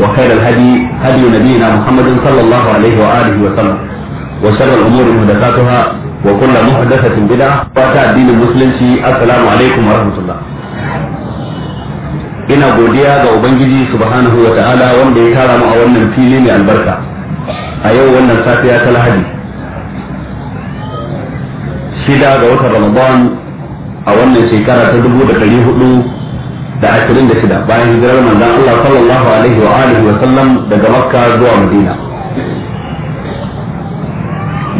وخير الهدي هدي نبينا محمد صلى الله عليه وآله وسلم وشر الأمور محدثاتها وكل محدثة بدعة فاتا الدين المسلم السلام عليكم ورحمة الله ina godiya ga ubangiji subhanahu wa ta'ala wanda ya tara mu a wannan fili mai albarka a yau wannan safiya ta lahadi shida ga watan ramadan a wannan shekara ta dubu da ɗari hudu da ashirin da shida bayan hijirar manzan Allah sallallahu alaihi wa alihi wa sallam daga makka zuwa madina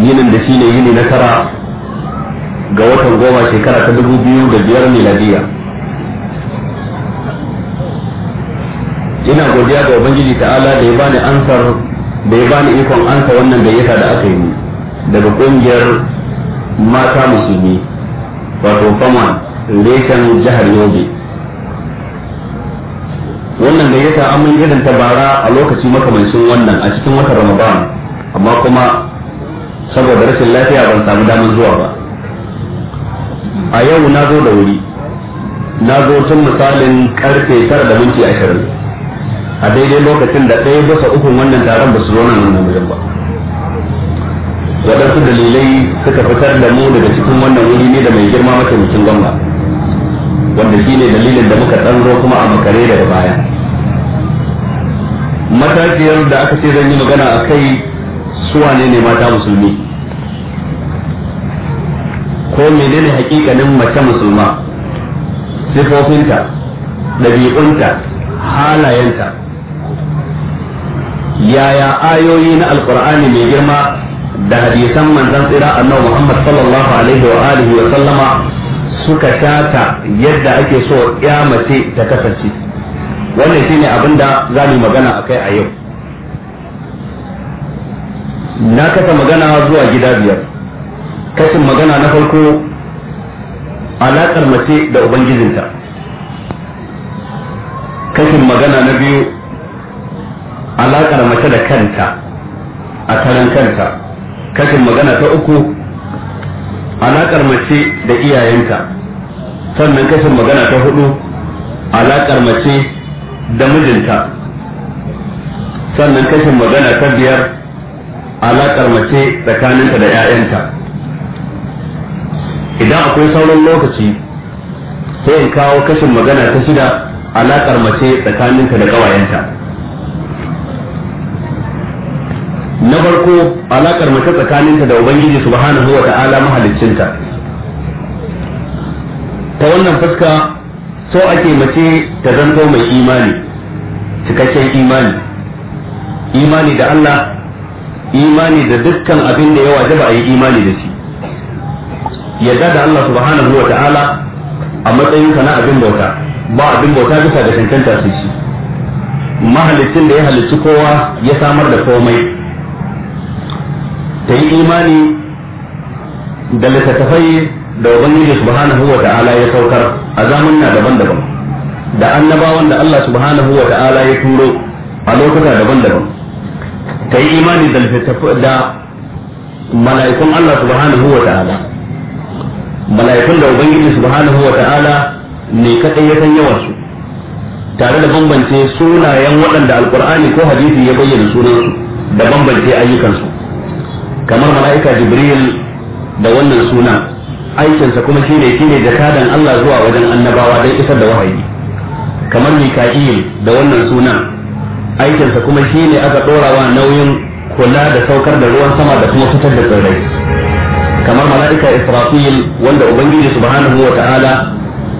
yinin da shine yini na tara ga watan goma shekara ta dubu biyu da biyar miladiya ina godiya ga ubangiji ta'ala da ya bani ansar da ya bani ikon ansa wannan gayyata da aka yi daga kungiyar mata musulmi wato faman reshen jihar yobe wannan da yasa an mun irin bara a lokaci makamancin wannan a cikin watan Ramadan amma kuma saboda rashin lafiya ban samu damar zuwa ba a yau na zo da wuri na zo tun misalin karfe tara da minti ashirin a daidai lokacin da ɗaya bisa uku wannan taron ba su zo nan wajen ba waɗansu dalilai suka fitar da mu daga cikin wannan wuri ne da mai girma mataimakin gwamna wanda shi ne dalilin da muka tsaro kuma a makare daga baya matakiyar da aka ce zan yi magana a kai suwane ne mata musulmi ko menene hakikanin mace musulma sifofinta ɗabi'unta halayenta yaya ayoyi na alkur'ani mai girma da hadisan manzan tsira annabi Muhammad sallallahu alaihi wa alihi wa sallama suka tata yadda ake so ya mace ta kasance wannan shine abin da za mu magana a kai a yau na kasa magana zuwa gida biyar kashin magana na farko alakar mace da ubangijinta kashin magana na biyu alakar mace da kanta a taron kanta kashin magana ta uku alakar mace da iyayenta sannan kashin magana ta hudu alaƙar mace da mijinta sannan kashin magana ta biyar alaƙar mace tsakaninta da 'ya'yanta idan akwai sauran lokaci sai in kawo kashin magana ta shida alaƙar mace tsakaninta da ƙawayenta na farko alaƙar mace tsakaninta da ubangiji subhanahu wa ta'ala mahaliccinta ta wannan fuska so ake mace ta zanto mai imani cikakken imani imani da Allah imani da dukkan abin da ya wajaba a yi imani da shi yadda da Allah subhanahu wa ta'ala a matsayin na abin bauta ba abin bauta bisa da cancanta su shi mahalicin da ya halicci kowa ya samar da komai ta yi imani da littattafai da ubangiji subhanahu wa ta'ala ya saukar a na daban-daban da annabawan da Allah subhanahu wa ta'ala ya turo a lokuta daban-daban ta yi imani da da mala'ikun Allah subhanahu wa ta'ala mala'ikun da ubangiji subhanahu wa ta'ala ne kadai ya san yawan su tare da bambance sunayen waɗanda alkur'ani ko hadisi ya bayyana su da bambance ayyukansu kamar mala'ika jibril da wannan suna aikinsa kuma shine shine jakadan Allah zuwa wajen annabawa don isar da wahayi kamar Mika'il da wannan sunan aikinsa kuma shine aka dora wa nauyin kula da saukar da ruwan sama da kuma fitar da tsirrai kamar mala'ika Israfil wanda ubangiji subhanahu wa ta'ala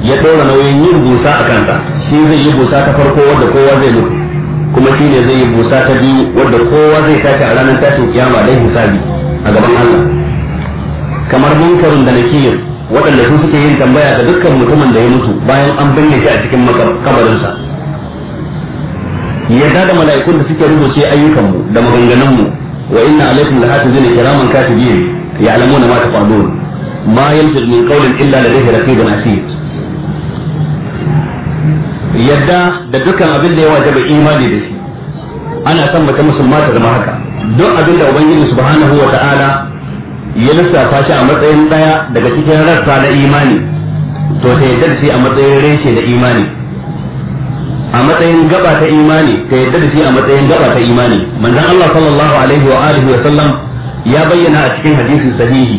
ya dora nauyin yin busa a kanta shi zai yi busa ta farko wanda kowa zai mutu kuma shi zai yi busa ta biyu wanda kowa zai tashi a ranar tashin kiyama dai hisabi a gaban Allah kamar munkarin da yin waɗanda su suke yin tambaya da dukkan mutumin da ya mutu bayan an binne shi a cikin kabarinsa yadda da mala'ikun da suke rubuce ayyukanmu da maganganunmu wa inna alaikum lahafizina kiraman katibin ya'lamuna ma tafalun ma yalfiz min qawlin illa ladayhi raqibun atid yadda da dukkan abin da ya wajaba imani da shi ana san mace musulma ta zama haka duk abin da ubangiji subhanahu wa ta'ala ya lissafa shi a matsayin daya daga cikin rassa na imani to ta yadda da shi a matsayin reshe da imani a matsayin gaba ta imani ka yadda da shi a matsayin gaba ta imani manzon Allah sallallahu alaihi wa alihi wa sallam ya bayyana a cikin hadisi sahihi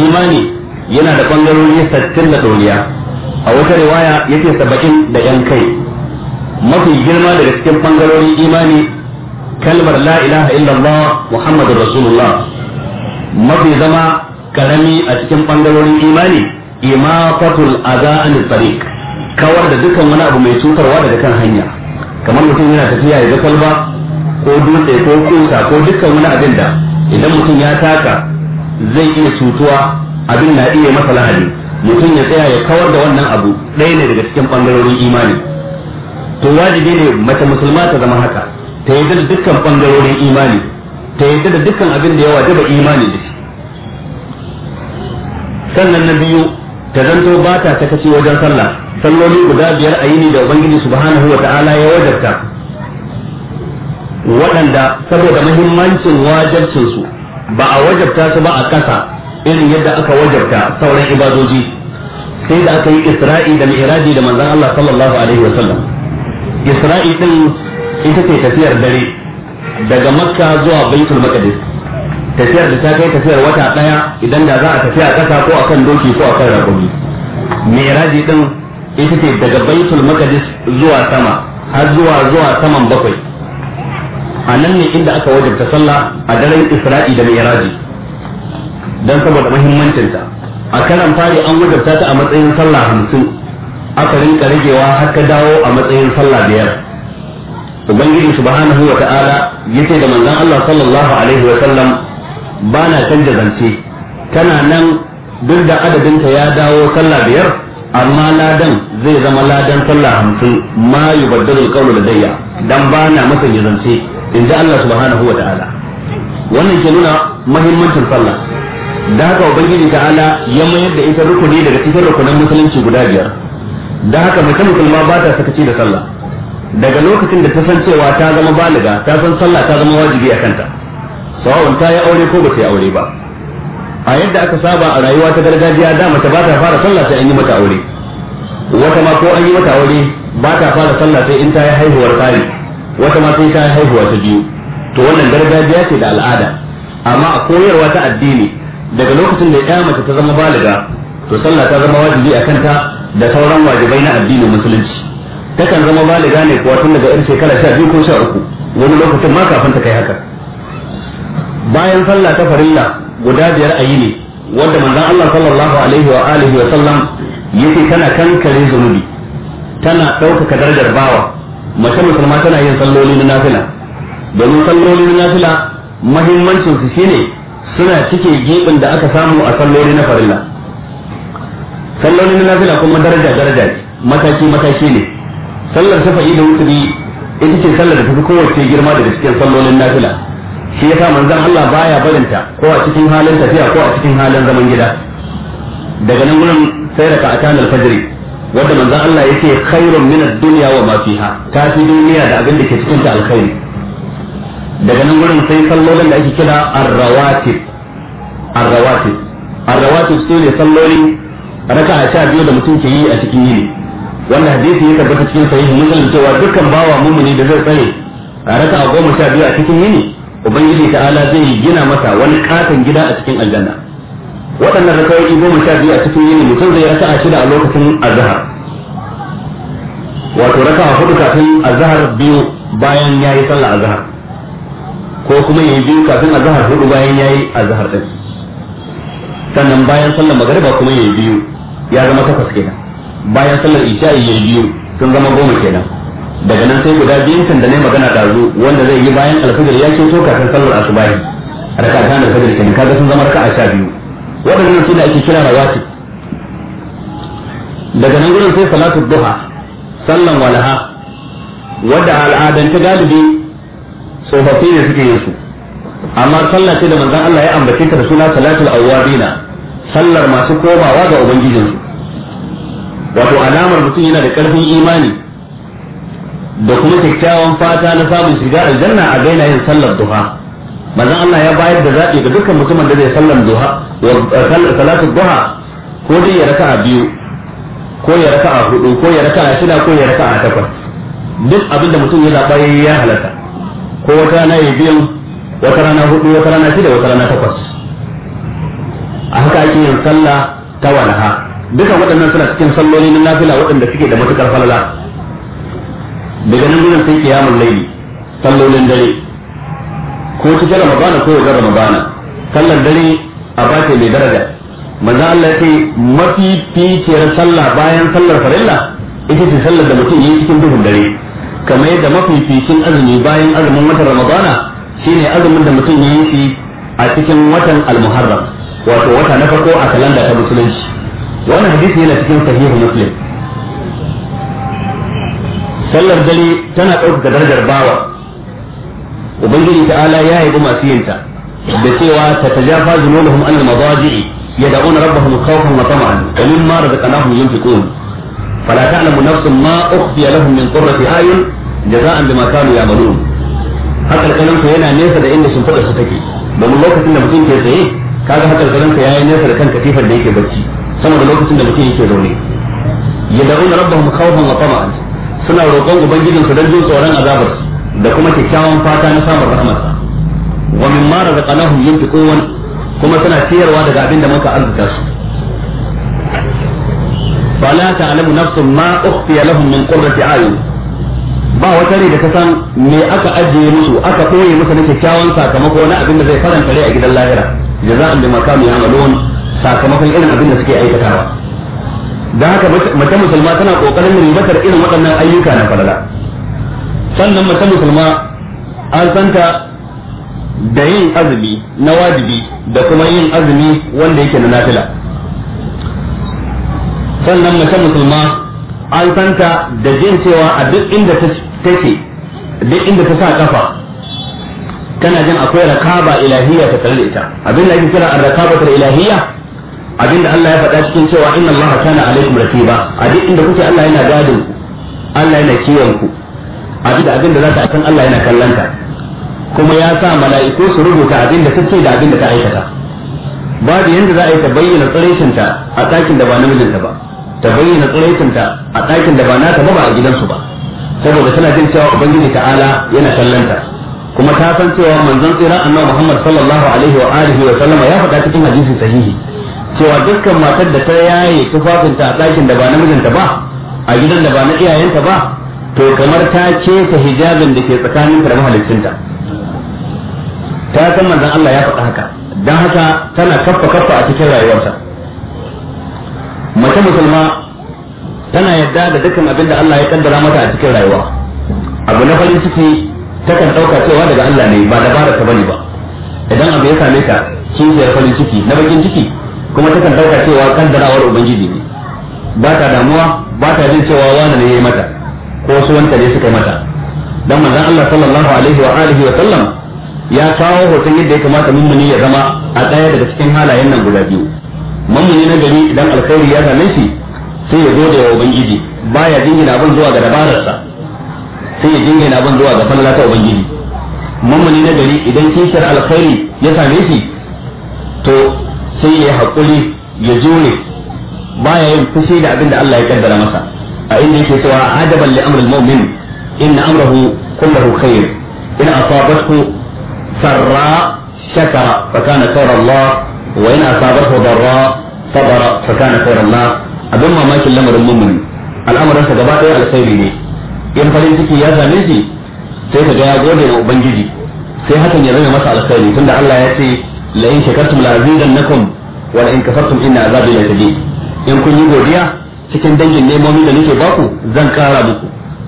imani yana da bangarori sattin da doriya a wata riwaya yace saba'in da yan kai mafi girma daga cikin bangarorin imani kalmar la ilaha illallah muhammadur rasulullah mafi zama karami a cikin bangarorin imani imafatul aza an tariq kawar da dukkan wani abu mai cutarwa daga kan hanya kamar mutum yana tafiya ya ga kalba ko dutse ko kusa ko dukkan wani abin da idan mutum ya taka zai iya cutuwa abin na iya masa lahani. mutum ya tsaya ya kawar da wannan abu ɗaya ne daga cikin bangarorin imani to wajibi ne mace musulma ta zama haka ta yi dukkan bangarorin imani ta yadda da dukkan abin da ya wajaba imani da shi sannan na biyu ta zanto ba ta sakaci wajen sallah salloli guda biyar a yini da ubangiji subhanahu wa ta'ala ya wajarta waɗanda saboda muhimmancin wajabcinsu ba a wajabta su ba a ƙasa irin yadda aka wajabta sauran ibadoji sai da aka yi isra'i da mi'raji da manzon Allah sallallahu alaihi wa sallam isra'i din ita ce tafiyar dare daga makka zuwa baitul maqdis tafiyar da ta kai tafiyar wata daya idan da za a tafi a kasa ko akan doki ko akan rakumi miraji din ita ce daga baitul maqdis zuwa sama har zuwa zuwa saman bakwai a nan ne inda aka wajabta sallah a daren isra'i da miraji dan saboda muhimmancinta a karan fari an wajabta ta a matsayin sallah hamsin aka rinka ragewa har ka dawo a matsayin sallah biyar ubangiji subhanahu wa ta'ala yace da manzon Allah sallallahu alaihi wa sallam ba na canja zance tana nan duk da ta ya dawo sallah biyar amma ladan zai zama ladan sallah hamsin ma yubaddalu qawlu ladayya dan ba na masa zance in ji Allah subhanahu wa ta'ala wannan ke nuna mahimmancin sallah da haka ubangiji ta'ala ya mayar da ita rukuni daga cikin rukunan musulunci guda biyar da haka mace musulma ba ta sakaci da sallah daga lokacin da ta san cewa ta zama baliga ta san sallah ta zama wajibi a kanta sawa'un ta yi aure ko ba ta yi aure ba a yadda aka saba a rayuwa ta gargajiya da mace ba ta fara sallah sai an yi mata aure wata ma ko an yi mata aure ba ta fara sallah sai in ta yi haihuwar fari wata ma sai ta yi haihuwa ta biyu to wannan gargajiya ce da al'ada amma a koyarwa ta addini daga lokacin da ya mace ta zama baliga to sallah ta zama wajibi a kanta da sauran wajibai na addinin musulunci takan zama baliga ne kuwa tun daga yar shekara sha biyu ko sha uku wani lokacin ma kafin ta kai haka bayan sallah ta farilla guda biyar a yi ne wanda manzon Allah sallallahu alaihi wa alihi wa sallam yake tana kankare zunubi tana ɗaukaka darajar bawa mace musulma tana yin salloli na nafila domin salloli na nafila mahimmancin su shine suna cike gibin da aka samu a salloli na farilla salloli na nafila kuma daraja daraja mataki mataki ne sallar shafa'i da wuturi ita ce sallar da tafi kowace girma daga cikin sallolin nafila shi yasa manzon Allah baya barinta ko a cikin halin tafiya ko a cikin halin zaman gida daga nan gurin sai da ka'atan al-fajr wanda manzon Allah yake khairun min ad-dunya wa ma fiha ta fi duniya da abin da ke cikin ta alkhairi daga nan gurin sai sallolin da ake kira ar-rawatib ar-rawatib ar-rawatib sune sallolin raka'a 12 da mutum ke yi a cikin yini wannan hadisi ya tabbata cikin sahihi san cewa dukkan bawa mumini da zai tsare a raka a goma sha biyu a cikin yini ubangiji ta'ala zai gina masa wani katon gida a cikin aljanna waɗannan rakawoyi goma sha biyu a cikin yini mutum zai raka a shida a lokacin azhar wato raka a hudu kafin azhar biyu bayan ya yi sallah azhar ko kuma yi biyu kafin azhar hudu bayan ya yi azhar ɗin sannan bayan sallar magariba kuma yi biyu ya zama takwas kenan bayan sallar isha'i ya biyu sun zama goma kenan daga nan sai guda biyun kan da ne magana ɗazu wanda zai yi bayan alfajir ya ce so kafin sallar asubahi rakatan alfajir kenan kaga sun zama raka'a sha biyu waɗannan su da ake kira rawatib daga nan gurin sai salatu duha sallan walaha wadda al'adance galibi tsofaffi ne suke yin su amma sallah ce da manzon Allah ya ambace ta da suna salatul awwabina sallar masu komawa ga ubangijinsu wato alamar mutum yana da karfin imani da kuma kyakkyawan fata na samun shiga aljanna a gaina yin sallar duha manzon Allah ya bayar da zaɓi ga dukkan mutumin da zai sallar duha eh, salatu duha ko dai ya raka'a biyu ko ya raka'a hudu ko ya raka'a shida ko ya raka'a takwas duk abinda mutum ya zaɓa ya halatta ko wata rana ya biyan wata rana hudu wata rana shida wata rana takwas a haka ake yin sallah ta walaha duka waɗannan suna cikin salloli na nafila waɗanda suke da matukar falala daga nan gudun sai kiyamun laili sallolin dare ko cikin ramadana ko wajen ramadana sallar dare a bace mai daraja manzo Allah ya ce mafi ficiyar sallah bayan sallar farilla ita ce sallar da mutum yi cikin duhun dare kamar yadda mafificin azumi bayan azumin watan ramadana shine azumin da mutum yi shi a cikin watan almuharram wato wata na farko a kalanda ta musulunci wannan hadisi yana cikin sahihu muslim sallar dare tana ɗaukaka darajar bawa ubangiji ta'ala ya yabi masu yinta da cewa ta tajafa zunubuhum an al-madaji'i yad'una rabbahum khawfan wa tama'an wa mimma razaqnahum yunfiqun fala ta'lamu nafsun ma ukhfiya lahum min qurrati a'yun jaza'an bima kanu ya'malun haka kalanta yana nesa da inda sun fada su take domin lokacin da mutum ke tsaye kaga haka kalanta yayi nesa da kan katifar da yake bacci saboda lokacin da mutum yake rauni yad'una rabbahum khawfan wa tama'an suna roƙon ubangijin su don jin tsoron azabar da kuma kyakkyawan fata na samun rahmarsa wa mimma razaqnahum yunfiqun kuma suna ciyarwa daga abin da muka arzuta su فلا تعلم نفس ma أخفي لهم من قرة أعين ba wata rai da ka san me aka ajiye musu aka koye musu na kyakkyawan sakamako na abin da zai faranta rai a gidan lahira jaza'an bima kanu ya'malun sakamakon irin abin da suke aikatawa da haka mace musulma tana kokarin ribatar irin waɗannan ayyuka na farada sannan mace musulma an santa da yin azumi na wajibi da kuma yin azumi wanda yake na nafila sannan mace musulma an santa da jin cewa a duk inda take duk inda ta sa kafa tana jin akwai rakaba ilahiyya ta tare da ita abin da ake kira ar-rakaba ilahiyya abinda Allah ya faɗa cikin cewa inna Allah kana alaikum raqiba a duk inda kuke Allah yana gadin ku Allah yana kiyon ku a duk abinda za ta akan Allah yana kallanta kuma ya sa mala'iku su rubuta abin abinda kake da abin da ta aikata babu yanda za a yi ta bayyana tsiraitinta a ɗakin da ba na mijinta ba ta bayyana tsiraitinta a ɗakin da ba nata ba ba a gidansu ba saboda tana jin cewa ubangiji ta'ala yana kallanta kuma ta san cewa manzon tsira annabi Muhammad sallallahu alaihi wa alihi wa sallama ya faɗa cikin hadisi sahihi cewa dukkan matar da ta yaye tufafinta a ɗakin da ba na mijinta ba a gidan da ba na iyayenta ba to kamar ta ce ta hijabin da ke tsakaninta da mahalicinta ta san manzon Allah ya faɗa haka don haka tana kaffa kaffa a cikin rayuwarsa mace musulma tana yarda da dukkan abin da Allah ya kaddara mata a cikin rayuwa abu na farin ciki takan ɗauka cewa daga Allah ne ba dabara ta bane ba idan abu ya same ta kishiyar farin ciki na bakin ciki kuma ta kan dauka cewa kan da rawar ubangiji ne ba ta damuwa ba ta jin cewa wani ne ya mata ko su wanta ne suka mata dan manzon Allah sallallahu alaihi wa alihi wa sallam ya kawo hoton yadda ya kamata mummuni ya zama a daya daga cikin halayen nan guda biyu mummuni na gari idan alkhairi ya same shi sai ya gode wa ubangiji baya jingina abin zuwa ga dabararsa sai ya jingina abin zuwa ga falala ta ubangiji mummuni na gari idan kishar alkhairi ya same shi to sai ya hakuri ya jure baya yin fushi da abin da Allah ya kaddara masa a inda yake cewa adaban li amrul mu'min in amrahu kulluhu khair in asabathu sarra shakara fa kana khairu Allah wa in asabathu darra sabara fa kana khairu Allah abin mamakin lamarin mu'min al'amarin sa gaba daya alkhairi ne in farin ciki ya same shi sai ka ga ya gode wa ubangiji sai hakan ya zama masa alkhairi tunda Allah ya ce La'in in shakartum la na wa la in kafartum inna azabi la shadid in kun yi godiya cikin dangin nemomi da nake baku zan kara muku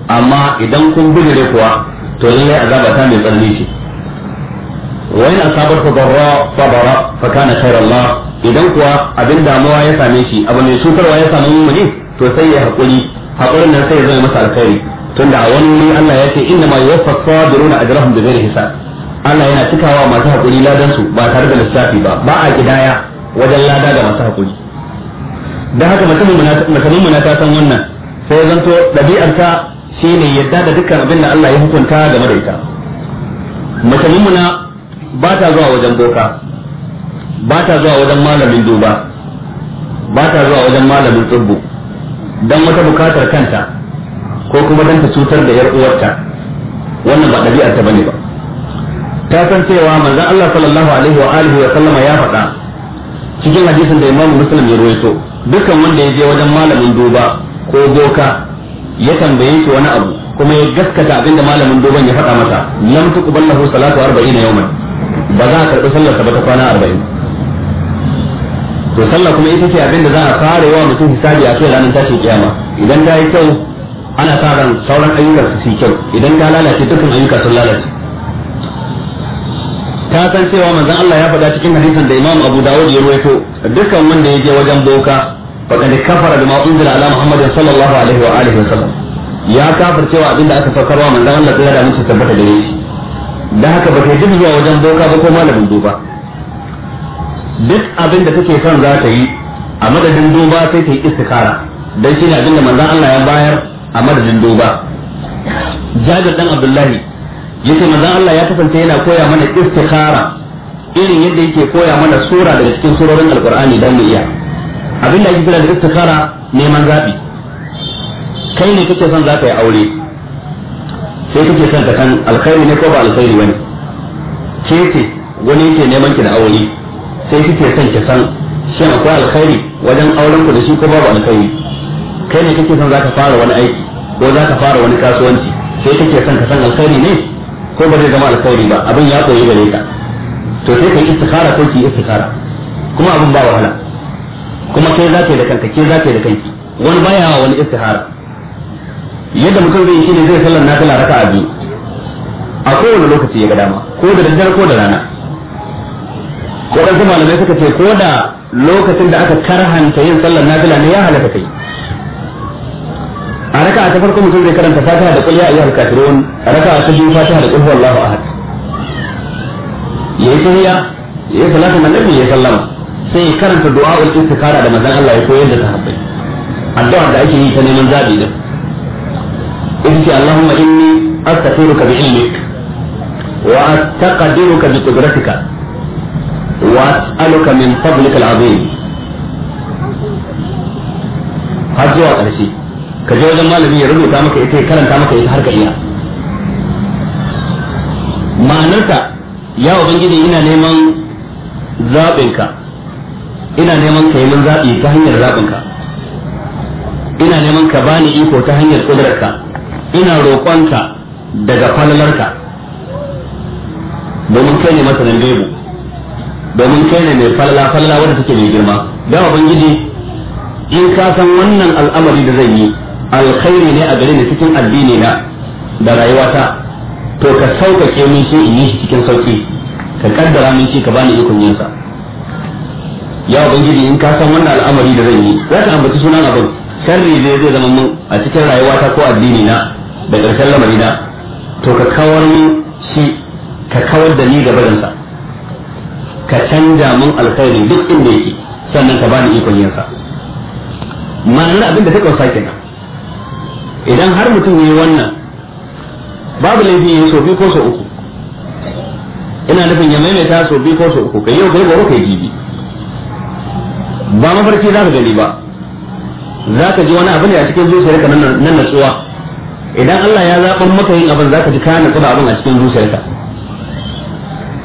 amma idan kun bijire kuwa to lallai azaba ta mai tsanani ce wa in asabarku darra sabara fa kana khairan Allah idan kuwa abin damuwa ya same shi abu mai cutarwa ya same mu ne to sai ya hakuri hakurin nan sai ya zama masa alkhairi tunda a wani Allah ya ce inna ma yuwaffa sabiruna ajrahum bighairi hisab Allah yana cikawa masu hakuri ladansu ba tare da lissafi ba ba a kidaya wajen lada ga masu hakuri dan haka mutumin mu na ta san wannan sai ya zanto dabi'ar ta shine yadda da dukkan abin da Allah ya hukunta game da ita mutumin mu na ba ta zuwa wajen boka ba ta zuwa wajen malamin duba ba ta zuwa wajen malamin tsubbu dan wata bukatar kanta ko kuma dan ta cutar da yar uwarta wannan ba ɗabi'ar ta bane ba ta san cewa manzon Allah sallallahu alaihi wa alihi wa sallama ya faɗa cikin hadisin da Imam Muslim ya rawaito dukkan wanda ya je wajen malamin duba ko boka ya tambaye shi wani abu kuma ya gaskata abin da malamin dogon ya faɗa masa lam tuqbal salatu 40 yawman ba za a karɓi sallar ba ta kwana 40 to sallah kuma ita ce abinda za a fara yawa mutum hisabi a kai ranar tashin kiyama idan ta yi kyau ana sa ran sauran ayyukan su kyau idan ta lalace dukkan ayyuka sun lalace ta san cewa manzon Allah ya faɗa cikin hadisin da Imam Abu Dawud ya rawaito dukkan wanda ya je wajen boka faqad kafara bima unzila ala Muhammad sallallahu alaihi wa alihi ya kafir cewa abinda aka saukarwa manzon Allah ya da mun tabbata da shi da haka ba kai duk zuwa wajen boka ba ko malamin duba duk abinda take son za ta yi a madadin duba sai ta yi istikara dan shine abinda manzon Allah ya bayar a madadin duba Jabir dan Abdullahi yace manzon Allah ya kasance yana koya mana istikhara irin yadda yake koya mana sura daga cikin surorin alqur'ani dan mu iya abinda ake kira da istikhara neman zabi kai ne kake son za ka yi aure sai kake son ka san alkhairi ne ko ba alkhairi bane ke ce wani yake neman ki da aure sai kake son ki san shin akwai alkhairi wajen auren ku da shi ko babu alkhairi kai ne kake son za ka fara wani aiki ko za ka fara wani kasuwanci sai kake son ka san alkhairi ne ko ba zai zama alkhairi ba abin ya koyi gare ka to sai kai yi istikhara ko ki istikhara kuma abin ba wahala kuma kai za ka da kanka ke za ka da kanki wani baya wa wani istikhara yadda mutum zai yi shine zai sallar na nafila raka'a biyu a kowane lokaci ya ga dama ko da daddare ko da rana ko waɗansu malamai suka ce ko da lokacin da aka karhanta yin sallar na nafila ne ya halatta kai a raka'a ta farko mutum zai karanta fatiha da qul ya ayyuhal kafirun a raka'a ta biyu fatiha da qul huwallahu ahad yayi tahiyya yayi salatu annabi ya sallama sai karanta du'a'ul istikara da manzon Allah ya koyar da sahabbai addu'a da ake yi ta neman zabi din in ce Allahumma inni astaghfiruka bi ilmik wa astaqdiruka bi qudratika wa as'aluka min fadlika al-azim har zuwa ƙarshe ka je wajen malami ya rubuta maka ita ya karanta maka ita har ka iya ma'anarta ya ubangiji ina neman zaɓinka ina neman ka yi min zaɓi ta hanyar zaɓinka ina neman ka bani iko ta hanyar ƙudurarka ina roƙonka daga falalarka domin kai ne masanin bebu domin kai ne mai falala falala wadda take mai girma da ubangiji in ka san wannan al'amari da zai yi alkhairi ne a gare ni cikin addini na da rayuwata to ka sauƙaƙe min shi in yi shi cikin sauƙi ka kaddara min shi ka bani ikon yin sa ya ubangiji in ka san wannan al'amari da zan yi za ka ambaci sunan abin sharri zai zai zama mun a cikin rayuwata ko addini na da ƙarshen lamari na to ka kawar min shi ka kawar da ni da barinsa ka canja min alkhairi duk inda yake sannan ka bani ikon yin sa ma'anar abin da ta kausa kenan idan har mutum ne yi wannan babu laifi ya yi sau biyu ko sau uku ina nufin ya maimaita sau biyu ko sau uku kai yau kai gobe kai jibi ba mafarki za ka gani ba za ka ji wani abin da a cikin zuciyarka nan natsuwa idan Allah ya zaɓar maka yin abin za ka ji ka natsu da abin a cikin zuciyarka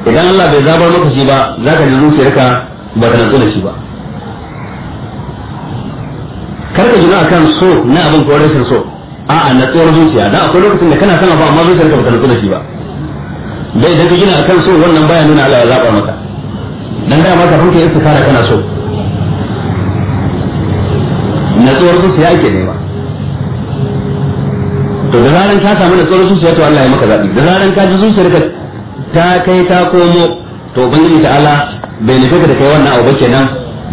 idan Allah bai zaɓar maka shi ba za ka ji zuciyarka ba ta natsu da shi ba kar ka na kan so na abin ko rashin so a'a na tsoron zuciya dan akwai lokacin da kana son abu amma zuciyarka bata nutsu da shi ba dai idan ka gina akan so wannan baya nuna Allah ya zaba maka dan da maka fanka istikara kana so na tsoron zuciya ake nema to da zaran ka samu na tsoron zuciya to Allah ya maka zabi da zaran ka ji zuciyarka ta kai ta komo to ubangiji Allah bai nufi ka da kai wannan abu kenan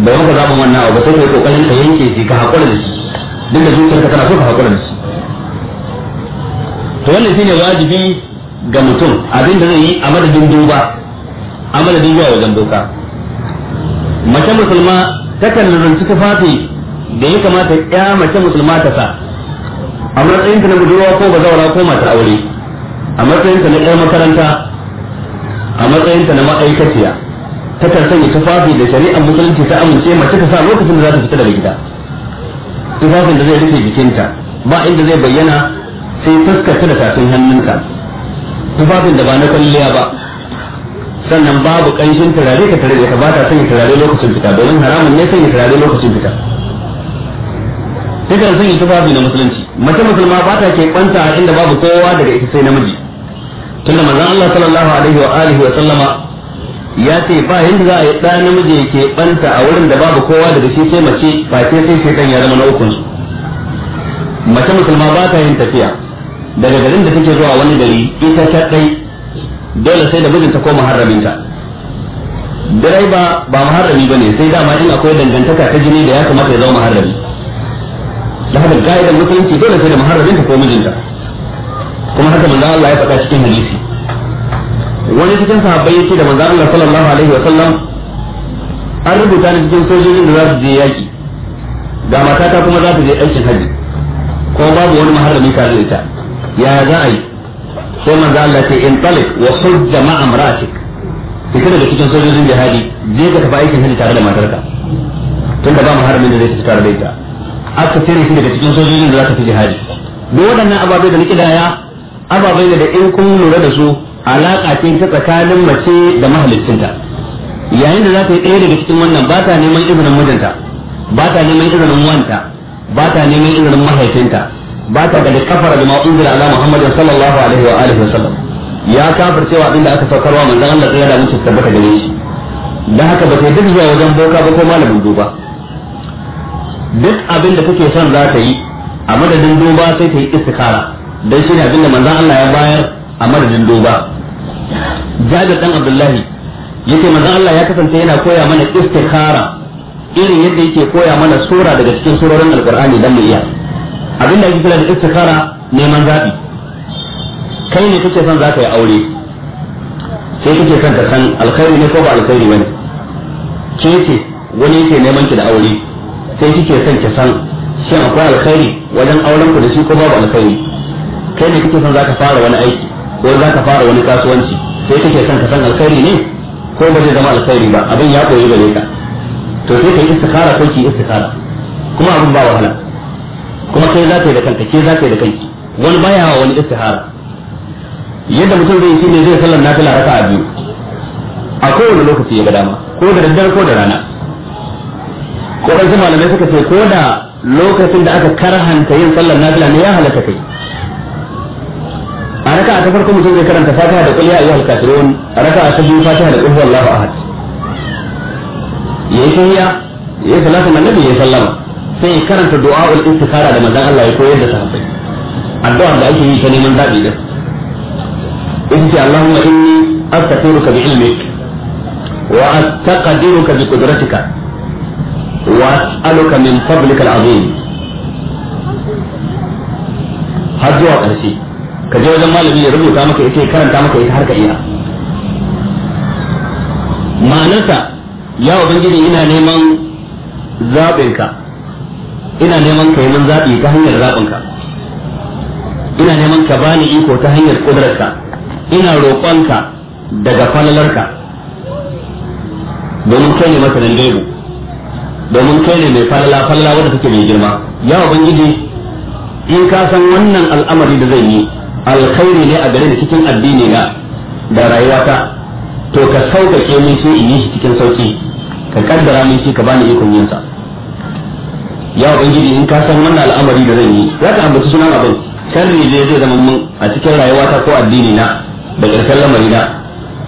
bai maka zaɓin wannan abu sai yi kokarin ka yanke shi ka haƙura da shi duk da zuciyarka tana so ka haƙura da shi to wannan shine wajibi ga mutum abin da zai yi a madadin duba a madadin zuwa wajen doka mace musulma takan ta tufafi da ya kamata ya mace musulma ta sa a matsayin ta na budurwa ko ba zaura ko mata aure a matsayin ta na ɗan makaranta a matsayin ta na ma'aikaciya takan sanya tufafi da shari'ar musulunci ta amince mace ta sa lokacin da za ta fita daga gida tufafin da zai rufe jikinta ba inda zai bayyana sai fuskarsa da tafin hannunsa babin da ba na kwalliya ba sannan babu kanshin turare ka tare da ka ba ta sanya turare lokacin fita domin haramun ne sanya turare lokacin fita sai kan sanya tufafi na musulunci mace musulma ba ta ke kwanta a inda babu kowa daga ita sai namiji tunda manzon Allah sallallahu alaihi wa alihi wa sallama ya ce ba yanda za a yi ɗa namiji ya ke kwanta a wurin da babu kowa daga shi sai mace ba sai sai sai ya zama na uku mace musulma ba ta yin tafiya daga garin da take zuwa wani gari ita ta dai dole sai da mijinta ko muharraminta direba ba muharrami ba ne sai dama in akwai dangantaka ta jini da ya kamata ya zama muharrami da haka ga'idar musulunci dole sai da muharraminta ko mijinta kuma haka manzo Allah ya faɗa cikin hadisi wani cikin sahabbai yake da manzo Allah sallallahu alaihi wa sallam an rubuta ni cikin sojojin da za su je yaki ga matata kuma za su je aikin haji ko babu wani muharrami tare ita ya za a yi sai manzo Allah ce in talik wa hujja ma amratik fita daga cikin sojojin jihadi je ka tafi aikin hajji tare da matarka tunda ba muharramin da zai tafi tare da ita aka cire shi daga cikin sojojin da za ka fi jihadi duk waɗannan ababai da nake daya ababai da in kun lura da su alaka ce ta tsakanin mace da mahaliccinta yayin da za ta yi ɗaya daga cikin wannan ba ta neman izinin mijinta ba ta neman izinin wanta ba ta neman izinin mahaifinta ba ta da kafara da ma'unzira ala muhammadin sallallahu alaihi wa alihi wa sallam ya kafir cewa abinda aka saukarwa manzan Allah tsaya da musu tabbata gare shi dan haka ba sai duk zuwa wajen boka ba ko malamin duba duk abinda kake son za ta yi a madadin duba sai ta yi istikara dan shine abinda manzan Allah ya bayar a madadin duba jabir dan abdullahi yake manzan Allah ya kasance yana koya mana istikara irin yadda yake koya mana sura daga cikin surorin alqur'ani dan mu iya abin da ake kira da istikhara neman zaɓi kai ne kake son za ka yi aure sai kake son ka san alkhairi ne ko ba alkhairi bane ke ce wani yake neman ki da aure sai kike son ki san shin akwai alkhairi wajen auren ku da shi ko babu alkhairi kai ne kake son za ka fara wani aiki ko za ka fara wani kasuwanci sai kake son ka san alkhairi ne ko ba zai zama alkhairi ba abin ya koyi gare ka to sai ka yi istikhara ko ki istikhara kuma abin ba wahala kuma kai za ka yi da kanka ke za ka yi da kanki wani baya wa wani istihara yadda mutum zai shi ne zai sallar raka a biyu a kowane lokaci ya ga dama ko da daddare ko da rana ko zama malamai suka ce ko da lokacin da aka karhanta yin sallar fila ne ya halatta kai a raka a ta farko mutum zai karanta fatiha da a ya ayyuhal kafirun raka ta biyu fatiha da qul allahu ahad yayi tahiyya yayi salatu annabi yayi sallama sai ya karanta du'a'ul istikhara da manzon Allah ya koyar da sahabbai addu'a da ake yi ta neman zabi din in ce Allahumma inni astaghfiruka bi ilmik wa astaqdiruka bi qudratika wa as'aluka min fadlika al'azim har zuwa ƙarshe ka je wajen malami ya rubuta maka ita ya karanta maka ita har ka iya ma'anarsa ya ubangiji ina neman zaɓinka ina neman ka yi min zaɓi ta hanyar zaɓinka ina neman ka bani iko ta hanyar ƙudurarka ina roƙonka daga falalarka domin kai ne masanin gaibu domin kai ne mai falala falala wadda take mai girma ya ubangiji in ka san wannan al'amari da zai yi alkhairi ne a gare ni cikin addini na da rayuwata to ka sauƙaƙe min sai in yi shi cikin sauƙi ka kaddara min shi ka bani ikon yinsa ya ubangiji in ka san wannan al'amari da zan yi za ka ambaci sunan abin kan ne zai zama mun a cikin rayuwata ko addini na da ƙarshen lamari na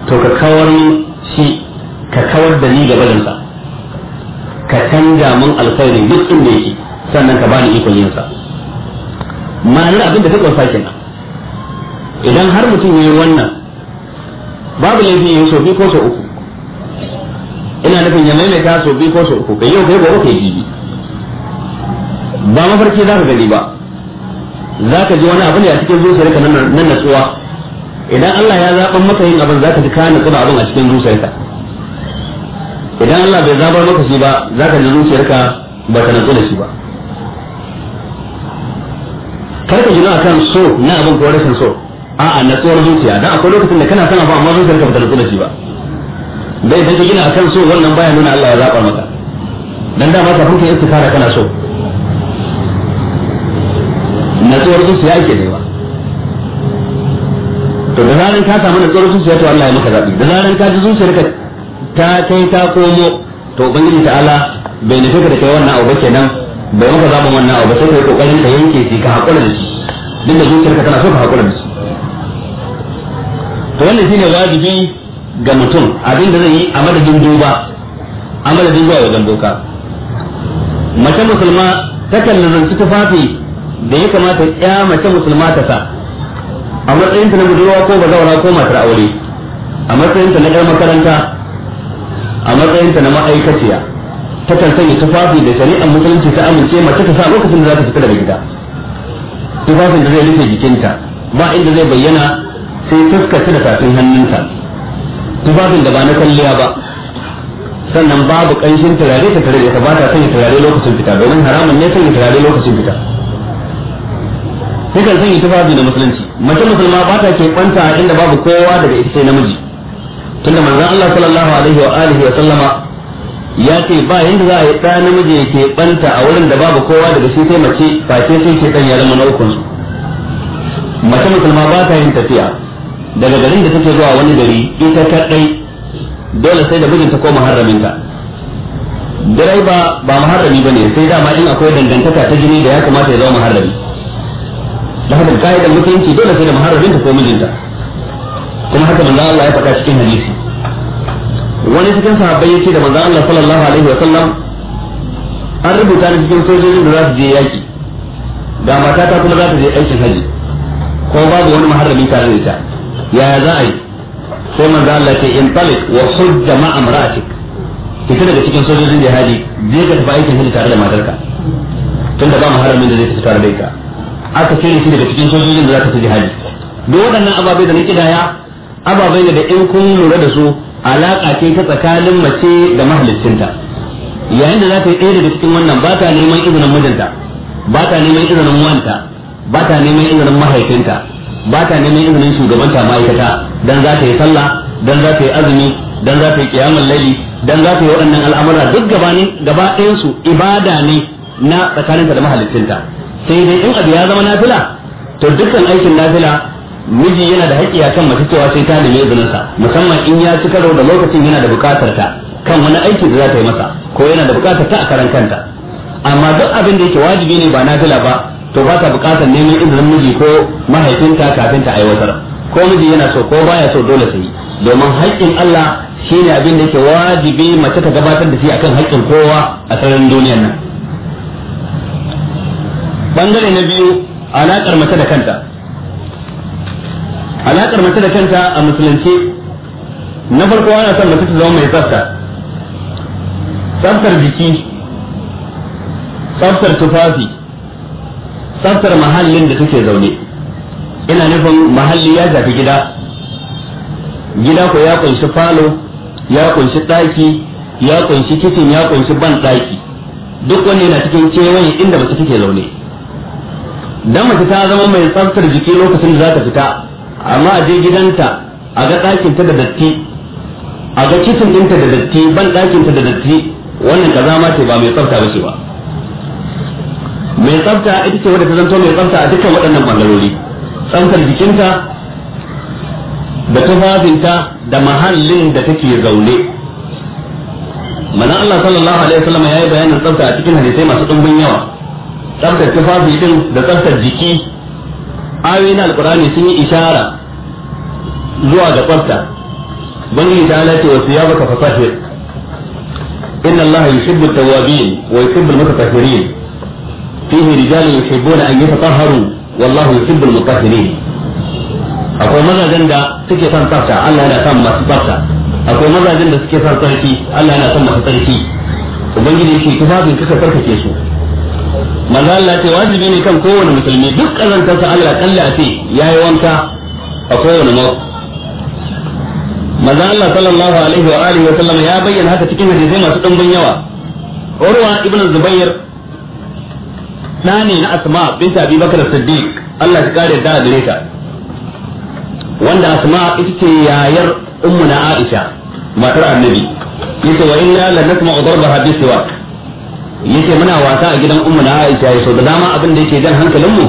to ka kawar shi ka kawar da ni gaba sa ka canja mun alkhairin duk inda yake sannan ka bani ikon yin sa ma'anar abin da ta kunsa kenan idan har mutum ya yi wannan babu laifi yin sau biyu ko sau uku ina nufin ya maimaita sau biyu ko sau uku kai yau kai gobe kai jibi ba mafarki za ka gani ba za ka ji wani abu ne a cikin zuciyarka nan natsuwa idan Allah ya zaɓa maka yin abin za ka ji ka natsu abin a cikin zuciyarka idan Allah bai zaɓar maka shi ba za ka ji zuciyarka ba ta natsu da shi ba kar ka gina akan so na abin ko rashin so a'a natsuwar zuciya dan akwai lokacin da kana son abu amma zuciyarka ba ta natsu da shi ba dai idan ka gina akan so wannan baya nuna Allah ya zaɓa maka dan da ma ka fuka istikara kana so natsuwar zuciya ake yawa to da zaran ka samu natsuwar zuciya to Allah ya maka zabi da zaran ka ji ka ta kai ta komo to ubangiji ta'ala bai nufi ka da kai wannan abu kenan bai maka zaɓin wannan abu sai kai kokarin ka yanke shi ka haƙura da shi duk da ka tana so ka haƙura da shi to wannan shine wajibi ga mutum abin da zai yi a madadin duba a madadin zuwa wajen doka mace musulma takan nazarci tufafi da ya kamata ya mace musulma ta sa a matsayinta na budurwa ko bazawara ko matar aure a matsayinta na ɗan makaranta a matsayinta na ma'aikaciya ta kan sanya tufafi da shari'ar musulunci ta amince mace ta sa lokacin da za ta fita daga gida tufafin da zai rufe jikinta ba inda zai bayyana sai fuskarta da tafin hannunta tufafin da ba na kalliya ba sannan babu ƙanshin turare ta tare da ta ba ta sanya turare lokacin fita domin haramun ne sanya turare lokacin fita takan san tufafi da musulunci mace musulma ba ta ke kwanta inda babu kowa daga ita sai namiji tunda manzon Allah sallallahu alaihi wa alihi wa sallama ya ce ba yanda za a yi ɗa namiji ya ke kwanta a wurin da babu kowa daga shi sai mace ba ce sai ke kan yaran zama naukun mace musulma ba ta yin tafiya daga garin da take zuwa wani gari ita kaɗai dole sai da mijinta ko muharraminta direba ba muharrami bane sai dama in akwai dangantaka ta jini da ya kamata ya zama muharrami da haka ka'idar mutunci dole sai da muharrabin ta ko mijinta kuma haka manzo Allah ya faɗa cikin hadisi wani cikin sahabbai yake da manzo Allah sallallahu alaihi wa sallam an rubuta ni cikin sojojin da za su je yaki ga ta kuma za ta je aikin haji ko babu wani muharrami tare da ita yaya za a yi sai manzo Allah ce in talik wa hujja ma amratik fita daga cikin sojojin jihadi je ka tafi aikin haji tare da matarka tun da ba muharramin da zai tafi tare da ita aka kere shi daga cikin sojojin da za ka su jihadi da waɗannan ababai da na kidaya ababai da in kun lura da su alaƙa ce ta tsakanin mace da mahaliccinta yayin da za ta yi ɗaya daga cikin wannan ba ta neman izinin mijinta ba ta neman izinin wanta ba ta neman izinin mahaifinta ba ta neman izinin shugabanta ma'aikata dan za ta yi sallah dan za ta yi azumi dan za ta yi kiyamul laili dan za ta yi waɗannan al'amura duk gaba ne gaba ɗayan su ibada ne na tsakaninta da mahaliccinta sai dai in abu ya zama nafila to dukkan aikin nafila miji yana da haƙƙi akan mace cewa sai ta nemi izininsa musamman in ya ci karo da lokacin yana da buƙatar ta kan wani aiki da za ta yi masa ko yana da buƙatar ta a karan kanta amma duk abin da yake wajibi ne ba nafila ba to ba ta buƙatar neman izinin miji ko mahaifinta kafin ta aiwatar ko miji yana so ko baya so dole sai domin haƙƙin Allah shine abin da yake wajibi mace ta gabatar da shi akan haƙƙin kowa a sararin duniyar nan bangare na biyu alaƙar mace da kanta alaƙar mace da kanta a musulunci na farko ana son mace ta zama mai tsafta tsaftar jiki tsaftar tufafi tsaftar mahallin da take zaune ina nufin mahalli ya zafi gida gida ko ya kunshi falo ya kunshi ɗaki ya kunshi kicin ya kunshi ban ɗaki duk wanne na cikin kewaye inda mace take zaune dan mace ta zama mai tsaftar jiki lokacin da za ta fita amma a je gidanta a ga ɗakin ta da datti a ga kitchen ɗinta da datti ban ɗakin ta da datti wannan kaza ma ce ba mai tsafta ba ce ba mai tsafta ita ce wadda ta zanto mai tsafta a dukkan waɗannan bangarori tsaftar jikinta da tufafinta da mahallin da take zaune manzon Allah sallallahu alaihi wasallam yi bayanin tsafta a cikin hadisai masu ɗumbin yawa tsaftar tufafi din da tsaftar jiki ayoyin alkurani sun yi ishara zuwa ga tsafta bani ta ala ce wasu ya baka fasahir inna allah yuhibbu tawabin wa yuhibbu mutatahhirin fihi rijalun yuhibbuna an yatatahharu wallahu yuhibbu mutatahhirin akwai mazajen da suke son tsafta Allah yana son masu tsafta akwai mazajen da suke son tsarki Allah yana son masu tsarki ubangiji yake tufafin suka tsarkake su manzo Allah ce wajibi ne kan kowane musulmi duk kazantar sa Allah kalla ce yayi wanka a kowane mako manzo Allah sallallahu alaihi wa alihi wa sallam ya bayyana haka cikin hadisi masu dumbin yawa Urwa ibn Zubair dani na Asma bint Abi Bakr Siddiq Allah ya kare da gare ta wanda Asma ita ce yayar na Aisha matar Annabi yace wa inna la nasma'u darbaha bisiwak yace muna wasa a gidan ummu na Aisha yaso da dama abin da yake jan hankalin mu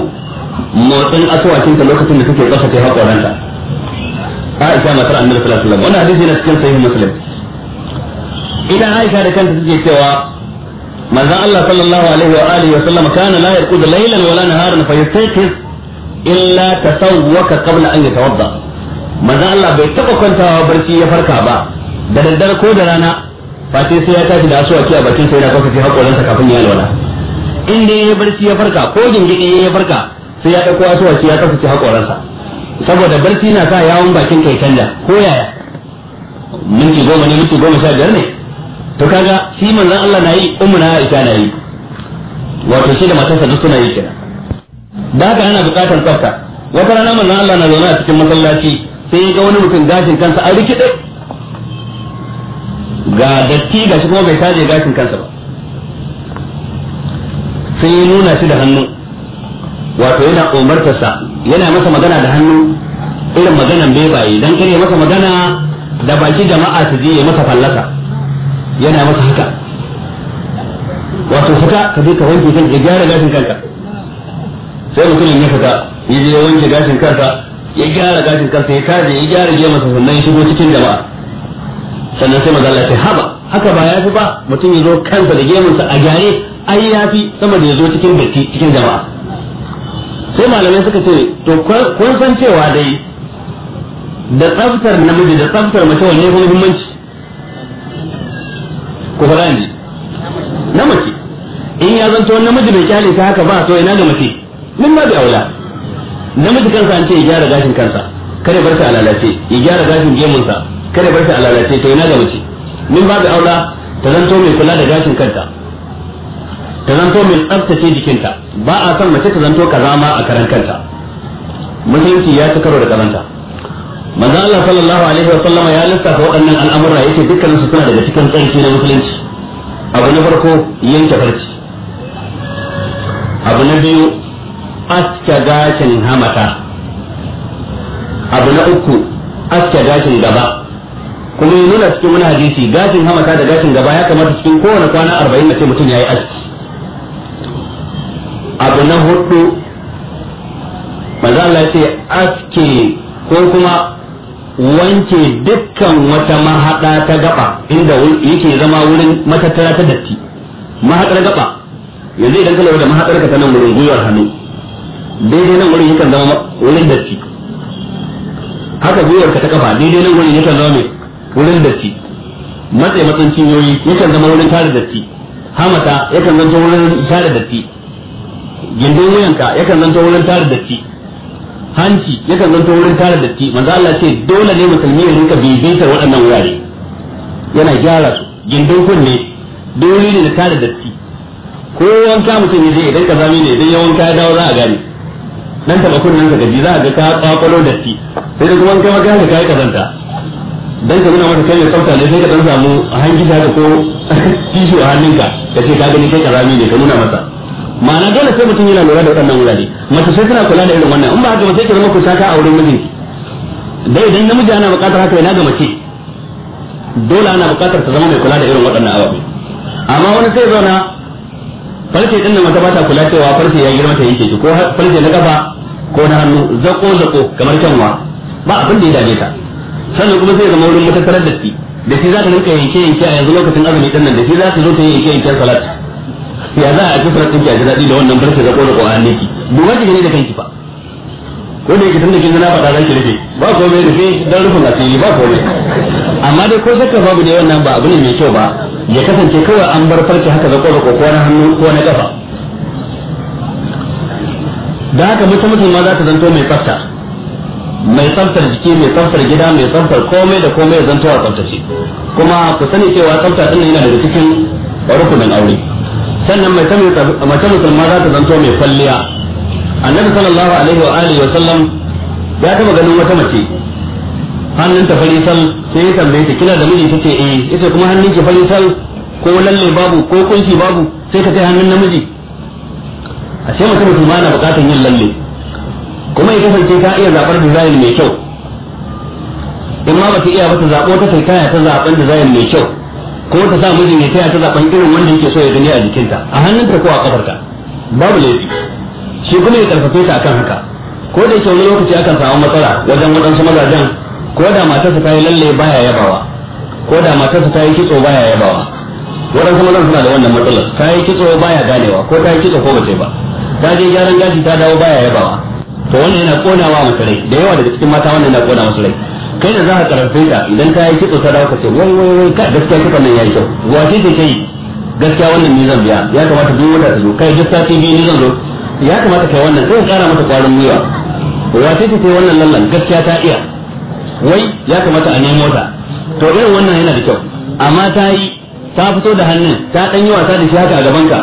motsin aswakin ta lokacin da kake kasa kai hakoranta Aisha matar Annabi sallallahu alaihi wasallam wannan hadisi na cikin sahih Muslim idan Aisha da kanta take cewa manzo Allah sallallahu alaihi wa alihi wa sallam kana la yarqud laylan wala naharan fa yastaqiz illa tasawwaka qabla an yatawadda manzo Allah bai taba kwantawa barci ya farka ba da daddare ko da rana ba sai ya tashi da asuwaki a bakin sa yana kwakwace hakoransa kafin ya alwala in dai ya barci ya farka ko gingidi ya farka sai ya dauko asuwaki ya kwakwace hakoransa saboda barci na sa yawon bakin kai canja ko yaya minti goma ne minti goma sha biyar ne to kaga shi manzon Allah na yi ummu na Aisha na yi wato shi da matarsa duk suna yi kenan da haka ana bukatar tsafta wata rana manzon Allah na zaune a cikin masallaci sai ya ga wani mutum gashin kansa a rikide ga datti ga shi kuma bai taje gashin kansa ba sai ya nuna shi da hannu wato yana umartarsa yana masa magana da hannu irin maganan bebaye dan kare masa magana da baki jama'a su je masa fallasa yana masa haka wato fita ka je ka wanke kanka ya gyara gashin kanka sai mutumin ya fita ya je wanke gashin kansa ya gyara gashin kansa ya taje ya gyara je masa sannan ya shigo cikin jama'a sannan sai maza ce haba haka ba ya fi ba mutum ya zo kansa da gemunsa a gyare ai fi sama da ya zo cikin datti cikin jama'a sai malamai suka ce to kun san cewa dai da tsaftar namiji da tsaftar mace wanne ya fi muhimmanci ku fara ni na mace in ya zanto namiji bai kyale ta haka ba to ina da mace min ma bi aula namiji kansa an ce ya gyara gashin kansa kare barka a lalace ya gyara gashin gemunsa kada bar shi a lalace to ina ga mace min babu aula ta zanto mai kula da gashin kanta ta zanto mai tsaftace jikinta ba a san mace ta zanto ma a karan kanta musulunci ya ci karo da karanta manzo Allah sallallahu alaihi wa sallam ya lissafa waɗannan al'amura yake dukkan su suna daga cikin tsarki na musulunci abu na farko yanke farci abu na biyu aska gashin hamata abu na uku aske gashin gaba kuma ya nuna cikin wani hadisi gashin hamata da gashin gaba ya kamata cikin kowane kwana arba'in na ce mutum ya yi aski abu na hudu maza Allah ce aske ko kuma wanke dukkan wata mahaɗa ta gaba inda yake zama wurin matattara ta datti mahaɗar gaba yanzu idan ka lura da mahaɗar ka ta nan wurin gwiwar hannu daidai nan wurin yakan zama wurin datti haka gwiwar ka ta kafa daidai nan wurin yakan zama mai wurin datti matsayi matsan cinyoyi yakan zama wurin tare datti hamata yakan zanto wurin tare datti gindin wuyanka yakan zanto wurin tare datti hanci yakan zanto wurin tare datti manzo Allah ce dole ne musulmi ya rinka bibitar waɗannan wurare yana gyara su gindin kunne dole ne da tare datti ko wanka mutum ya je idan ka zame ne idan ya wanka ya dawo za a gane dan taba kunnen ka gaji za a ga ka kwakwalo datti sai da kuma kai maka ka yi kazanta dan ka nuna mata kai mai tsafta ne sai ka dan samu hanji da ko tishu a hannunka ka ce ka gani kai karami ne ka nuna masa ma'ana dole sai mutum yana lura da waɗannan wurare mace sai tana kula da irin wannan in ba haka ba sai ka zama ku saka a wurin mijinki dai idan namiji ana buƙatar haka yana ga mace dole ana buƙatar ta zama mai kula da irin waɗannan abubuwa amma wani sai zauna farce din da mata ba ta kula cewa farce ya girma ta yanke shi ko farce na kafa ko na hannu zako zako kamar kyanwa ba abin da ya dame ta sannan kuma zai zama wurin matattarar da shi da shi za ka rinka yanke yanke a yanzu lokacin azumi din nan da shi za ka zo yi yanke yanke salat ya za a ci salat din ki a ji daɗi da wannan barka da ƙona ƙoran ne ki duba ki ne da kanki fa ko da yake tun da kin na faɗa ranki rufe ba ko mai rufe dan rufin asiri ba ko bai amma dai ko shakka babu da wannan ba abu ne mai kyau ba ya kasance kawai an bar farki haka da zako ko na hannu ko na kafa da haka mutum mutum ma za ta zanto mai tsafta mai tsaftar jiki mai tsaftar gida mai tsaftar komai da komai zan a tsaftace kuma ku sani cewa tsafta din yana da cikin rukunin aure sannan mai mace musulma za ta zanto mai kwalliya annabi sallallahu alaihi wa alihi wa sallam ya taba ganin wata mace hannun ta fari sal sai ya tambaye ta kina da miji tace eh yace kuma hannun ki fari sal ko lalle babu ko kunshi babu sai ta kai hannun namiji ashe mutum musulma na bukatun yin lalle ya kasance ka iya zaɓar design mai kyau in ma ba baka iya ta zaɓo ta kai kaya ta zaɓen design mai kyau ko ta sa mijin ya taya ta zaɓen irin wanda yake so ya gani a jikinta a hannunta ko a ta babu laifi shi kuma ya karfafe ta akan haka ko da yake wani lokaci akan samu matsala wajen waɗansu mazajen ko da matarsa ta yi lalle baya yabawa ko da matarsa ta yi kitso baya yabawa waɗansu mazan suna da wannan matsalar ta yi kitso baya ganewa ko ta yi kitso ko ba ba ta je gyaran gashi ta dawo baya yabawa to wannan yana wa masa rai da yawa daga cikin mata wannan yana kona masu rai kai da za ka karfe ta idan ka yi kitso ta dawo ka ce wai wai wai ka gaskiya kitson nan yayi kyau wace ce kai gaskiya wannan ni zan biya ya kamata duk wata ta zo kai gaskiya sai biyu ni zan zo ya kamata kai wannan sai ka kara mata kwarin gwiwa wace ce kai wannan lallan gaskiya ta iya wai ya kamata a nemo ta to irin wannan yana da kyau amma ta yi ta fito da hannun ta dan yi wasa da shi haka a gaban ka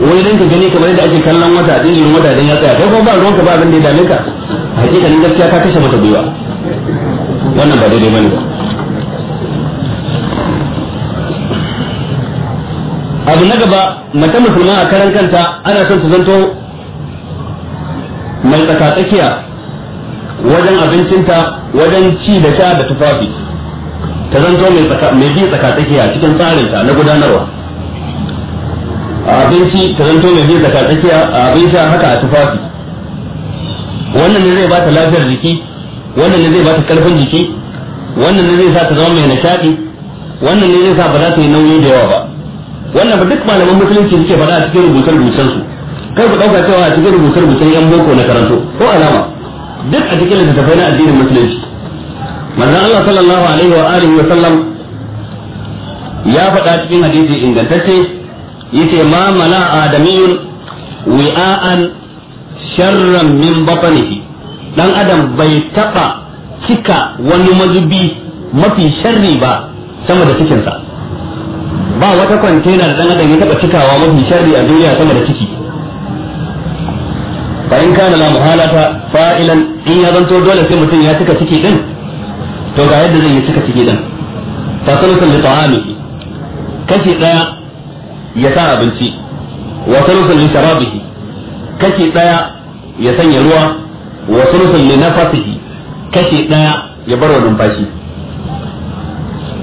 wai dan ka gani kamar yadda ake kallon wata din irin wata din ya tsaya kai ko ba ruwan ka ba abin da ya dame ka hakikanin gaskiya ka kashe mata gwiwa wannan ba daidai bane ba abu na gaba mace musulma a karan kanta ana son su zanto mai tsakatsakiya wajen abincinta wajen ci da sha da tufafi ta zanto mai bi tsakatsakiya cikin tsarinta na gudanarwa a abinci ta zanto mai bin zaka tsakiya a abin sha haka a tufafi wannan ne zai ba ta lafiyar jiki wannan ne zai ba ta karfin jiki wannan ne zai sa ta zama mai nishadi wannan ne zai sa ba za ta yi nauyi da yawa ba wannan ba duk malaman musulunci suke faɗa a cikin rubutun rubutun su kai ku ɗauka cewa a cikin rubutun rubutun yan boko na karanto ko alama duk a cikin littattafai na addinin musulunci manzon Allah sallallahu alaihi wa alihi wa sallam ya faɗa cikin hadisi ingantacce yace ma mala adamiyun wi'an sharran min batnihi dan adam bai taba cika wani mazubi mafi sharri ba sama da cikinsa ba wata kwantena da dan adam ya taba cikawa mafi sharri a duniya sama da ciki fa in kana la muhalata fa'ilan in ya zanto dole sai mutum ya cika ciki din to ga yadda zai yi cika ciki din fa sulusul li ta'amihi kashi daya ya sa abinci wa sulusun li sharabihi kashi daya ya sanya ruwa wa sulusun li nafasihi kashi daya ya bar wa numfashi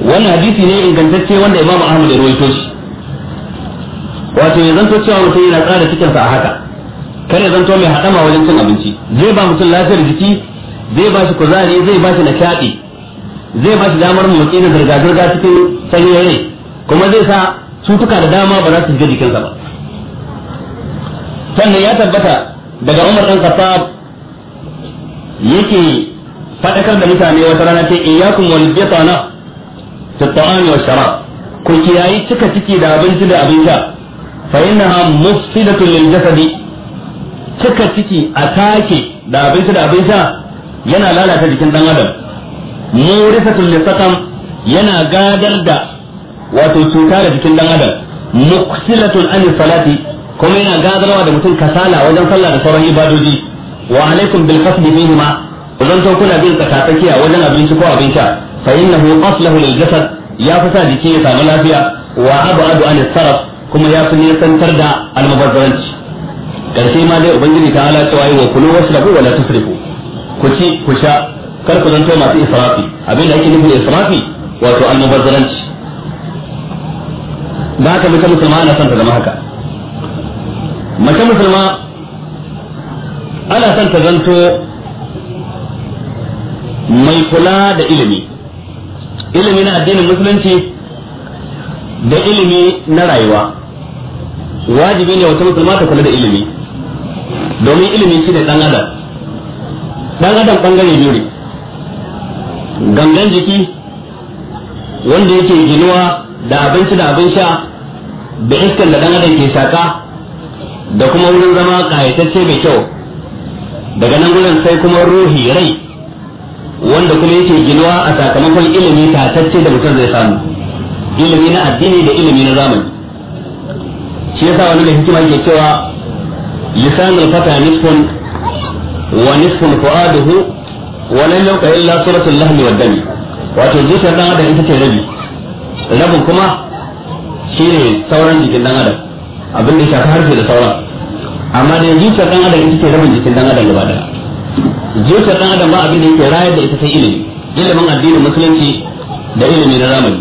wannan hadisi ne ingantacce wanda Imam ahmad ya rawaito shi wato ya zanto cewa mutum yana tsara cikinsa a haka kar ya zanto mai haɗama wajen cin abinci zai ba mutum lafiyar jiki zai ba shi kuzari zai ba shi nishaɗi zai ba shi damar motsi da zirga-zirga cikin sanyoyi kuma zai sa cutuka da dama ba za su shiga jikinsa ba sannan ya tabbata daga Umar dan Khattab yake fadakar da mutane wata rana ce iyyakum wal bitana fi na tattawani wa shara ku kiyayi cika ciki da abinci da abin sha fa innaha mufsidatun lil jasadi cika ciki a take da abinci da abin sha yana lalata jikin dan adam murisatul lisakam yana gadar da wato cuta da cikin dan adam muksilatun an salati kuma yana gadarwa da mutum kasala wajen sallah da sauran ibadoji wa alaikum bil fasli bihima idan to kuna bin tsakatsakiya wajen abinci ko abin sha fa innahu aslahu lil jasad ya fi sa jiki ya samu lafiya wa abadu an sarf kuma ya fi nisantar da almubazzaranci karshe ma dai ubangiji ta ala cewa wa kulu wasrafu wa la tusrifu ku ci ku sha kar ku zanto masu israfi da ake nufin israfi wato almubazzaranci baka haka mace musulma ana son ta zama haka mace musulma ana son ta zanto mai kula da ilimi ilimi na addinin musulunci da ilimi na rayuwa wajibi ne wata musulma ta kula da ilimi domin ilimi shi ne dan adam dan adam bangare biyu ne gangan jiki wanda yake ginuwa da abinci da abin sha da iskan da dan adam ke shaka da kuma wurin zama kayatacce mai kyau daga nan gudun sai kuma ruhi rai wanda kuma yake ginuwa a sakamakon ilimi tatacce da mutum zai samu ilimi na addini da ilimi na zamani shi yasa wani da hikima ke cewa lisanul fata nisfun wa nisfun fu'aduhu wa lam yaqul illa suratul lahmi wad dami wato zuciyar dan adam ita ce rabi rabin kuma shi ne sauran jikin dan adam abin da shafi harfe da sauran amma da zuciyar dan adam ita ce rabin jikin dan adam gaba daya zuciyar dan adam ba abin da yake rayar da ita sai ilimi ilimin addinin musulunci da ilimi na zamani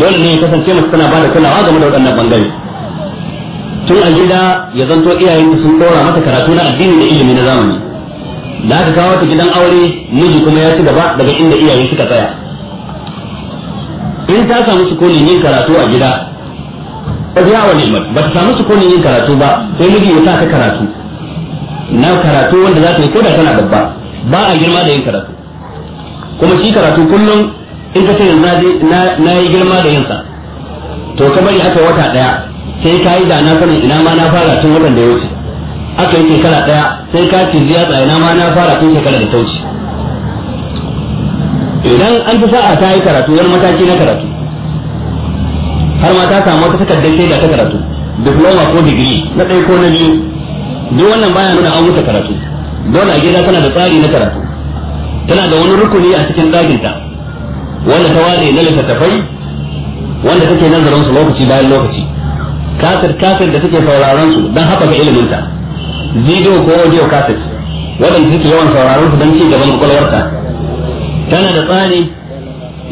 dole ne ya kasance masu tana ba da kulawa game da waɗannan bangare tun a gida ya zanto iyayen sun dora mata karatu na addini da ilimi na zamani da aka kawo ta gidan aure miji kuma ya ci gaba daga inda iyaye suka tsaya in ta samu sukunin yin karatu a gida ta wa ne ba ta samu sukunin yin karatu ba sai miji ya sa ta karatu na karatu wanda za ta yi koda tana babba ba a girma da yin karatu kuma shi karatu kullum in ka ce yanzu na yi girma da yinsa to ka bari aka wata daya sai ka yi da na sanin ina ma na fara tun watan da ya wuce aka yi shekara daya sai ka ci ziyarta ina ma na fara tun shekara da ta wuce idan an fi sa'a ta yi karatu wani mataki na karatu har ma ta samu wata takardar shaida ta karatu diploma ko digiri na ɗaya ko na biyu duk wannan baya nuna an wuce karatu dole a gida tana da tsari na karatu tana da wani rukuni a cikin daginta wanda ta ware na littattafai wanda take nazarin su lokaci bayan lokaci kafir kafir da take sauraron su don haɓaka iliminta video ko audio kafir waɗanda take yawan sauraron su don ci gaban kwakwalwarta tana da tsari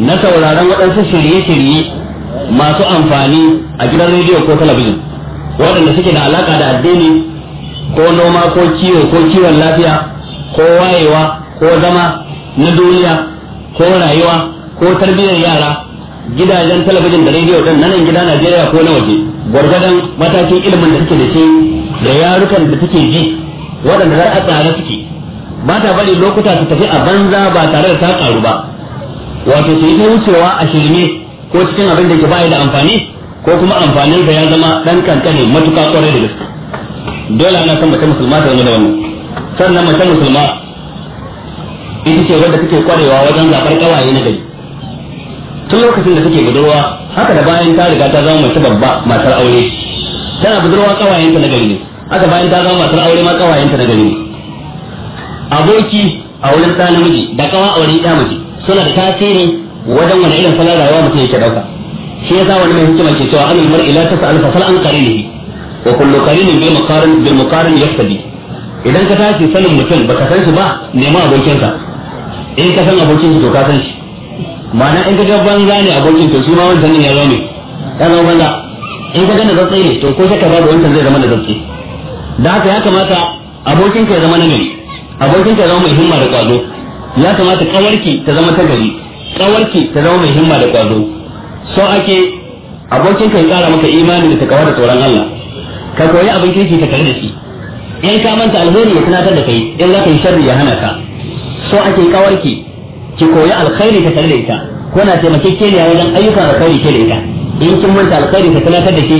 na sauraron waɗansu shirye-shirye masu amfani a gidan rediyo ko talabijin waɗanda suke da alaƙa da addini ko noma ko kiwo ko kiwon lafiya ko wayewa ko zama na duniya ko rayuwa ko tarbiyyar yara gidajen talabijin da rediyo ɗin nan gida Najeriya ko na waje gwargwadon matakin ilimin da suke da shi da yarukan da suke ji waɗanda za a tsara suke ba ta bari lokuta su tafi a banza ba tare da ta karu ba wato su yi ta wucewa a shirme ko cikin abin da ke baya da amfani ko kuma amfanin da ya zama dan kankane matuka kwarai da gaske dole ana san mace musulma ta zama da wannan sannan mace musulma ita ce wadda take kwarewa wajen zabar ƙawaye na gari tun lokacin da take budurwa haka da bayan ta riga ta zama mace babba matar aure tana budurwa ƙawayenta na gari ne haka bayan ta zama matar aure ma ƙawayenta na gari ne aboki a wurin ɗa namiji da kawa a wurin ɗa mace suna da tasiri wajen wani irin salon rayuwa mutum yake ɗauka shi yasa wani mai hikima ke cewa anil mar'i la tas'al fa sal an qarinihi wa kullu qarinin bil muqarin bil muqarin yaftadi idan ka tashi sanin mutum baka san shi ba nema ka in ka san abokin to ka san shi ma'ana in ka ga banza ne abokin to shi ma wancan ne ya zo ne ka zama banza in ka ga da zatsai ne to ko shakka babu wancan zai zama da zatsai da haka ya kamata abokin ka ya zama na gari abokin ta zama mai himma da kwazo ya kamata kawarki ta zama ta gari kawarki ta zama mai himma da kwazo so ake abokin ka ya kara maka imani da takawa da tsoron Allah ka koyi abin kirki ta kare da shi in ka manta alheri ya tunatar da kai in za ka yi sharri ya hana ka so ake kawarki ki koyi alkhairi ka tare da ita ko na taimakekeniya wajen ayyukan alkhairi ke da ita in kin manta alkhairi ka tunatar da ke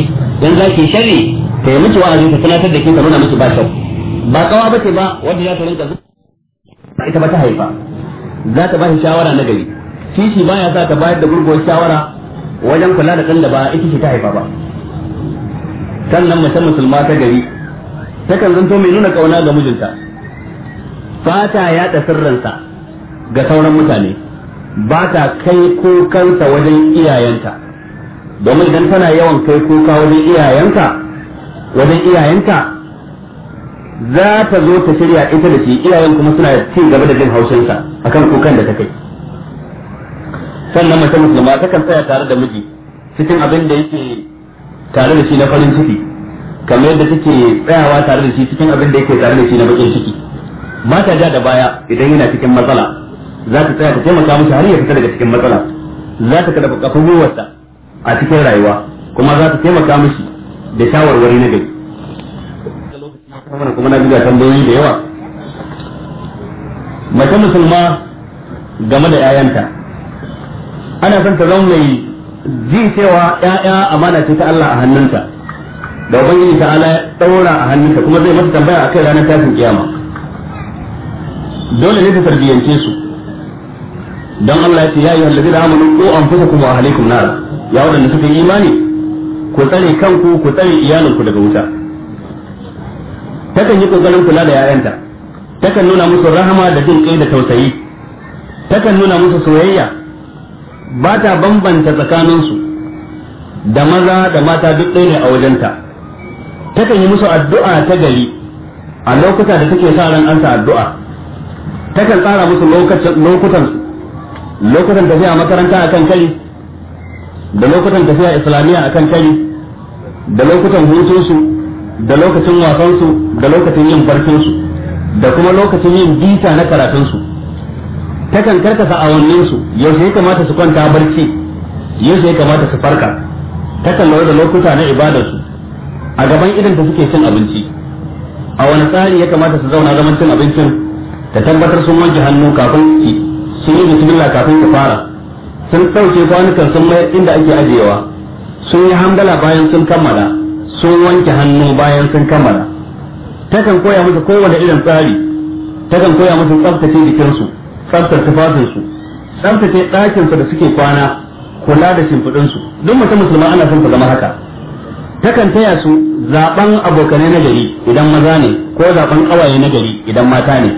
in za ki yi sharri ta yi miki wa'azi ka tunatar da ke ka nuna miki ba kyau ba kawa ba ce ba wanda ya tarinka zuwa ita ba ta haifa za ta bashi shawara na gari ba baya sa ta bayar da gurguwar shawara wajen kula da kalla ba ita ce ta haifa ba sannan mace musulma ta gari ta takan zanto mai nuna kauna ga mijinta fata ya da sirrinsa ga sauran mutane ba ta kai kokanta wajen iyayenta domin idan tana yawan kai kuka wajen iyayenta wajen iyayenta za ta zo ta shirya ita da shi iyayen kuma suna ci gaba da jin haushinsa akan kukan da ta kai sannan mace musulma ta kan tsaya tare da miji cikin abin da yake tare da shi na farin ciki kamar yadda take tsayawa tare da shi cikin abin da yake tare da shi na bakin ciki mata ja da baya idan yana cikin matsala za ta tsaya ta taimaka masa har ya fita daga cikin matsala za ta kada kafin gwiwarsa a cikin rayuwa kuma za ta taimaka mishi da shawarwari na gari wannan kuma na tambayoyi da yawa mace musulma game da 'ya'yanta ana son ta zama mai ji cewa 'ya'ya amana ce ta Allah a hannunta da ubangiji ta ala daura a hannunta kuma zai mata tambaya a kai ranar tashin kiyama dole ne ta tarbiyyance su don Allah ya ce ya yi hallabi da ko an fusa kuma a halikun ya wanda suka yi imani ku tsare kanku ku tsare iyalinku daga wuta takan yi kokarin kula da yayanta takan nuna musu rahama da jin kai da tausayi takan nuna musu soyayya ba ta bambanta tsakaninsu da maza da mata duk ɗaya ne a wajenta takan yi musu addu'a ta gari a lokuta da take sa ran ansa addu'a takan tsara musu lokutan lokutan tafiya makaranta akan kai da lokutan tafiya islamiyya akan kai da lokutan hutunsu da lokacin wasansu da lokacin yin barcinsu da kuma lokacin yin bita na karatunsu takan karkasa awanninsu yaushe ya kamata su kwanta barci yaushe ya kamata su farka ta lura da lokuta na ibadarsu a gaban idan ta suke cin abinci a wani tsari ya kamata su zauna zaman cin abincin ta tabbatar sun wanke hannu kafin ki sun yi bismillah kafin ka fara sun ɗauke kwanukan sun mayar inda ake ajiyewa sun yi hamdala bayan sun kammala sun wanke hannu bayan sun kammala takan koya musu kowane irin tsari takan koya musu tsaftace jikinsu tsaftar tufafinsu tsaftace ɗakinsu da suke kwana kula da shimfiɗinsu duk mutum musulma ana son su zama haka takan taya su zaɓen abokanai na gari idan maza ne ko zaɓen ƙawaye na gari idan mata ne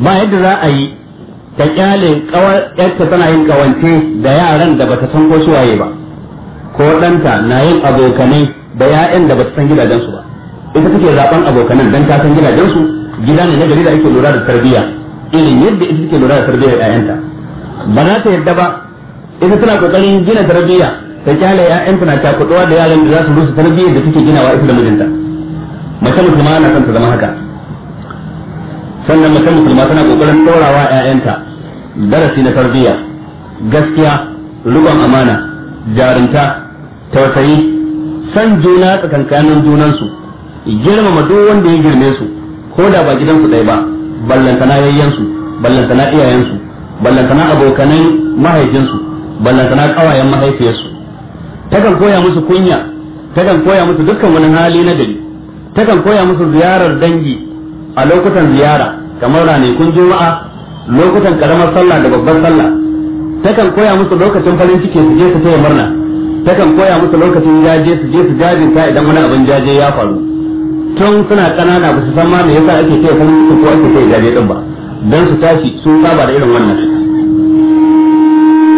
ba yadda za a yi ta ƙawar yarta tana yin ƙawance da yaran da bata san ko suwaye ba ko ɗanta na yin abokanai da ya'yan da ba su san gidajensu ba ita take zaben abokanan dan ta san gidajensu gida ne na gari da ake lura da tarbiyya irin yadda ita take lura da da ƴaƴanta ba za ta yadda ba ita tana kokarin gina tarbiyya ta kyale 'ya'yanta na takuduwa da yaran da za su rusa tarbiyyar da take ginawa ita da mijinta mace musulma na son ta zama haka sannan mace musulma tana kokarin dorawa 'ya'yanta darasi na tarbiyya gaskiya rubon amana jarinta tausayi san juna tsakankanin junansu girmama duk wanda ya girme su ko da ba gidansu ɗaya ba ballantana yayyansu ballantana iyayensu ballantana abokanai mahaifinsu ballantana ƙawayen mahaifiyarsu takan koya musu kunya takan koya musu dukkan wani hali na gari takan koya musu ziyarar dangi a lokutan ziyara kamar ranakun juma'a lokutan karamar sallah da babbar sallah takan koya musu lokacin farin ciki su je su taya murna takan koya musu lokacin jaje su je su ka idan wani abin jaje ya faru tun suna kanana ba su san ma me yasa ake ce kuma su ko ake ce jaje din ba dan su tashi sun saba da irin wannan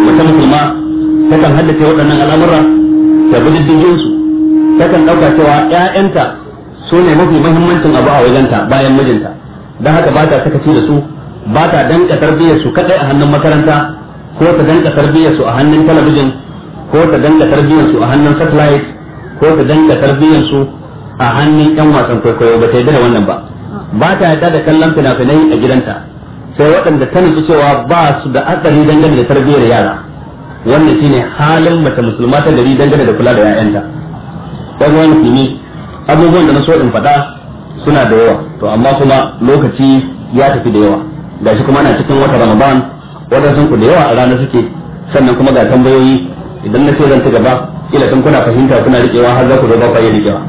wata musulma takan haddace waɗannan al'amura ta bi diddigin su takan dauka cewa ƴaƴanta su ne mafi muhimmancin abu a wajenta bayan mijinta dan haka ba ta sakaci da su ba ta danka tarbiyyar su kadai a hannun makaranta ko ta danka tarbiyyar su a hannun talabijin ko ta danga tarbiyyar su a hannun satellite ko ta danga tarbiyyar su a hannun yan wasan kwaikwayo ba ta yi da wannan ba ba ta yi da kallon fina-finai a gidanta sai waɗanda ta nufi cewa ba su da asali dangane da tarbiyyar yara wannan shine halin mace musulma ta gari dangane da kula da 'ya'yanta ɗan wani musulmi abubuwan da na so in faɗa suna da yawa to amma kuma lokaci ya tafi da yawa gashi kuma ana cikin wata ramadan wadansu ku da yawa a rana suke sannan kuma ga tambayoyi idan na ce zan ci gaba kila tun kuna fahimta kuna riƙewa har za ku zo ba ku yi riƙewa